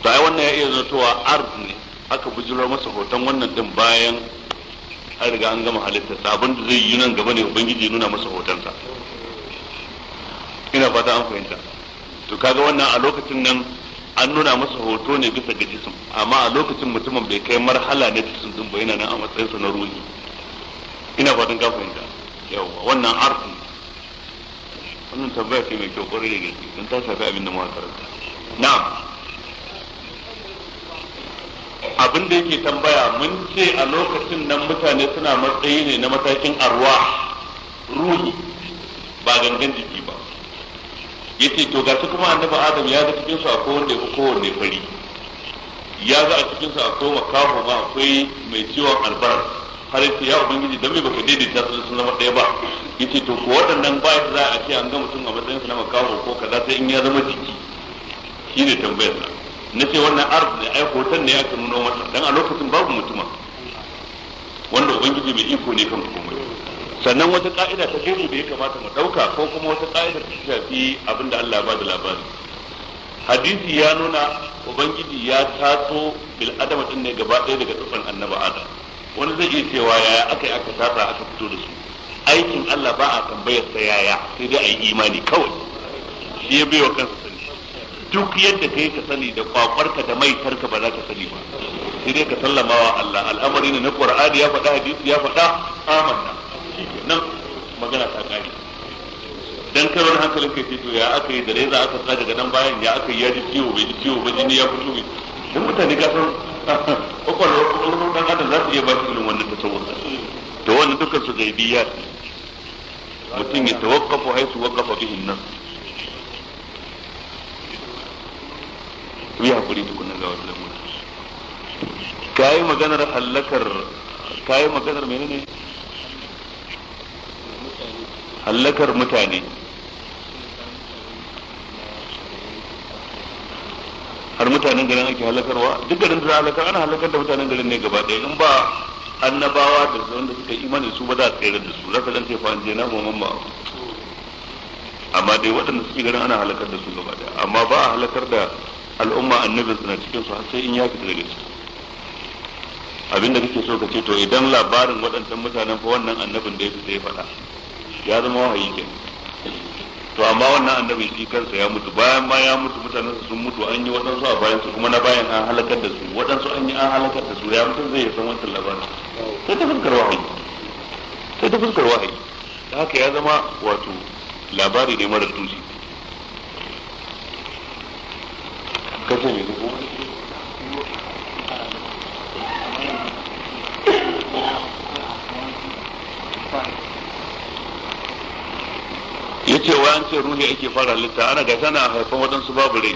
a ai wannan ya iya zantowa ard ne aka bujiro masa hoton wannan din bayan an riga an gama halitta sabon da zai yi nan gaba ne ubangiji nuna masa hotonsa ina fata an fahimta to kaga wannan a lokacin nan an nuna masa hoto ne bisa ga jisim amma a lokacin mutumin bai kai marhala na jisim din ba yana nan a matsayinsa na ruhi ina fatan ka fahimta yawa wannan arfi wannan tambaya ce mai kyau kwarai da gaske don ta shafi abin da muka karanta na'am abin da yake tambaya mun ce a lokacin nan mutane suna matsayi ne na matakin arwa ruhi ba gangan jiki ba yace to ga kuma annabi adam ya ga cikin su akwai wanda ya kowanne fari ya ga a cikin su akwai makafu ma akwai mai ciwon albar har yace ya ubangiji dan me baka daidaita su sun zama daya ba yace to ko waɗannan ba za a ce an ga mutum a matsayin sa na makafu ko kaza sai in ya zama jiki shine tambayar sa na ce wannan arz ne ai hoton ne aka nuno masa dan a lokacin babu mutuma wanda ubangiji mai iko ne kan komai sannan wata ka'ida ta gani da ya kamata mu dauka ko kuma wata ka'ida ta shafi abinda Allah ba da labari hadisi ya nuna ubangiji ya taso bil adama din ne gaba ɗaya daga tsufan annabi adam wani zai iya cewa yaya aka yi aka tasa aka fito da su aikin Allah ba a tambayar sa yaya sai dai ayi imani kawai shi ya biyo kansa sani duk yadda kai ka sani da kwakwarka da mai tarka ba za ka sani ba sai dai ka sallama wa Allah al'amari ne na Qur'ani ya faɗa hadisi ya faɗa amanna shi ke nan magana ta kare dan karon hankalin kai to ya aka yi da reza aka sa daga nan bayan ya aka yi ya ji ciwo bai ji ciwo ba jini ya fito bai dan mutane ga san kwakwalwar kwakwalwar dan adam za su iya ba shi irin wannan tasawur to wannan dukkan su gaibi ya mutum ya tawakkafu haisu wakafa bihin nan yi hakuri tukunan ga wannan mutum kayi maganar hallakar kayi maganar menene hallakar mutane har mutanen garin ake halakarwa duk garin da za halakar ana halakar da mutanen garin ne gaba ɗaya in ba annabawa da su wanda suka imani su ba za a tsere da su za ka zance fa an je na mamman ba amma dai waɗanda suke garin ana halakar da su gaba ɗaya amma ba a halakar da al'umma annabin suna cikin su har sai in ya fita daga ciki abinda kake so ka ce to idan labarin waɗancan mutanen fa wannan annabin da ya fita ya faɗa ya zama wahayi ke to amma wannan annabi shi kansa ya mutu bayan ma ya mutu mutanen sun mutu an yi waɗansu a bayan su kuma na bayan an halakar da su waɗansu an yi an halakar da su ya mutu zai yi wancan labarin sai ta fuskar wahayi sai ta fuskar wahayi ta haka ya zama wato labari ne mara tushe kace ko Thank you. yace wa an ce ruhi ake fara halitta ana ga tana haifan waɗansu babu rai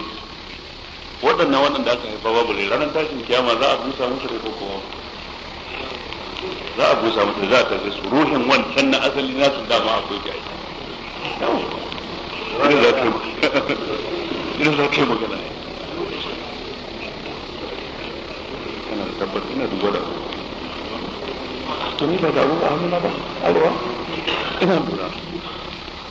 waɗannan waɗanda aka haifa babu rai ranar tashin kiyama za a busa musu rai ko kuma za a busa musu za a tafi su ruhin wancan na asali na sun dama akwai ki aiki ina za ka yi magana kana da tabbata ina duba da to ni ba da abubuwa hannuna ba alwa ina lura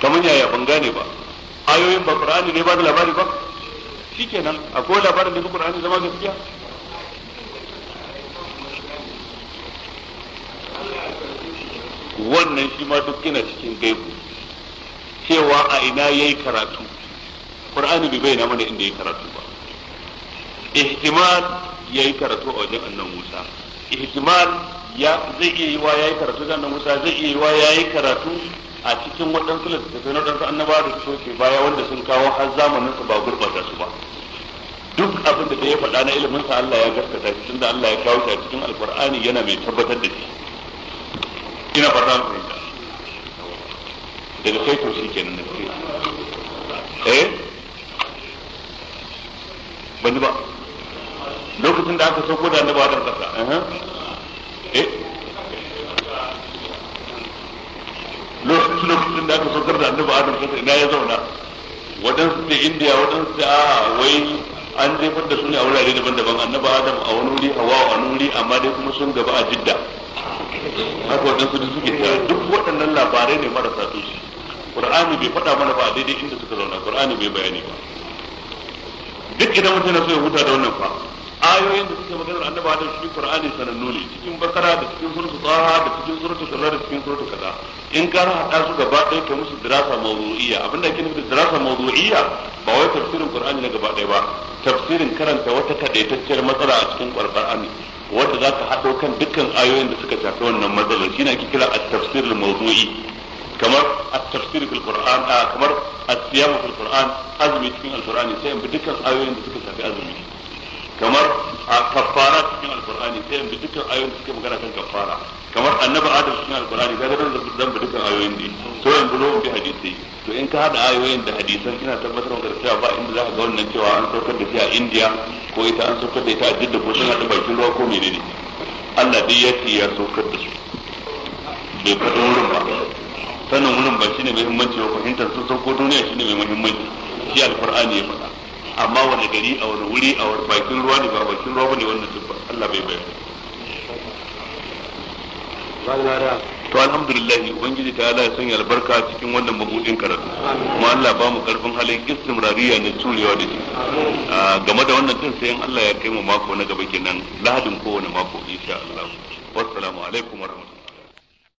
kamar yaya ban gane ba ayoyin ba qur'ani ne ba da labari ba shikenan akwai labarin da qur'ani zama gaskiya wannan shi ma duk yana cikin gaibu cewa a ina yayi karatu qur'ani bai bayyana mana inda yi karatu ba ihtimal yayi karatu a wajen annan Musa ihtimal ya zai iya yi wa yayi karatu da annan Musa zai iya yi wa yayi karatu a cikin waɗansu littattafai na waɗansu annabawa da soke baya wanda sun kawo har zamanin su ba gurɓata su ba duk abin da ya faɗa na ilimin sa Allah ya gaskata shi tunda Allah ya kawo shi a cikin alƙur'ani yana mai tabbatar da shi ina fata mu fahimta daga kai to shi kenan nake eh bani ba lokacin da aka sauko da annabawa da ƙasa eh lokacin lokacin da aka saukar da annabi adam kasa ina ya zauna waɗansu da indiya waɗansu da a wai an jefar da su ne a wurare daban-daban annabi adam a wani wuri hawa a wani wuri amma dai kuma sun gaba a jidda haka waɗansu da suke tsaye duk waɗannan labarai ne marasa tushe qur'ani bai faɗa mana ba daidai inda suka zauna qur'ani bai bayani ba duk idan mutum na so ya huta da wannan fa ayoyin da suke maganar annaba da cikin Qur'ani sanannu ne cikin Bakara da cikin suratul tsaha da cikin suratul kaza da cikin suratul kaza in ka hada su gaba ɗaya ka musu dirasa mawdu'iyya abinda ake nufi da dirasa mawdu'iyya ba wai tafsirin Qur'ani na gaba ɗaya ba tafsirin karanta wata kadaitacciyar matsala a cikin Qur'ani wanda za ka haɗo kan dukkan ayoyin da suka tafi wannan matsalar shine ake kira at-tafsir al-mawdu'i kamar at-tafsir fil Qur'an kamar as-siyam fil Qur'an azumi cikin al-Qur'ani sai in bi dukkan ayoyin da suka tafi azumi kamar a kafara cikin alkur'ani sai yanzu dukkan ayoyin suke magana kan kafara kamar annabi adam cikin alkur'ani ga dan zan bi dukkan ayoyin ne so yanzu zo bi hadisi to in ka hada ayoyin da hadisan ina tabbatar maka da cewa ba inda za ka ga wannan cewa an saukar da shi a indiya ko ita an saukar da ita a Jidda ko sun da bakin ruwa ko menene Allah dai ya ce ya saukar da su bai faɗi wurin ba sannan wurin ba shine muhimmanci ba fahimtar sun sauko duniya shine mai muhimmanci shi alkur'ani ya faɗa amma wani gari a wani wuri a wani bakin ruwa ne ba bakin ruwa bane wannan duk Allah bai bayar to alhamdulillah ubangiji ta Allah ya sanya albarka cikin wannan mabudin karatu kuma Allah ba mu karfin halin rariya na turewa da shi game da wannan din sai Allah ya kai mu mako na gaba kenan lahadin kowane mako insha Allah wassalamu alaikum warahmatullahi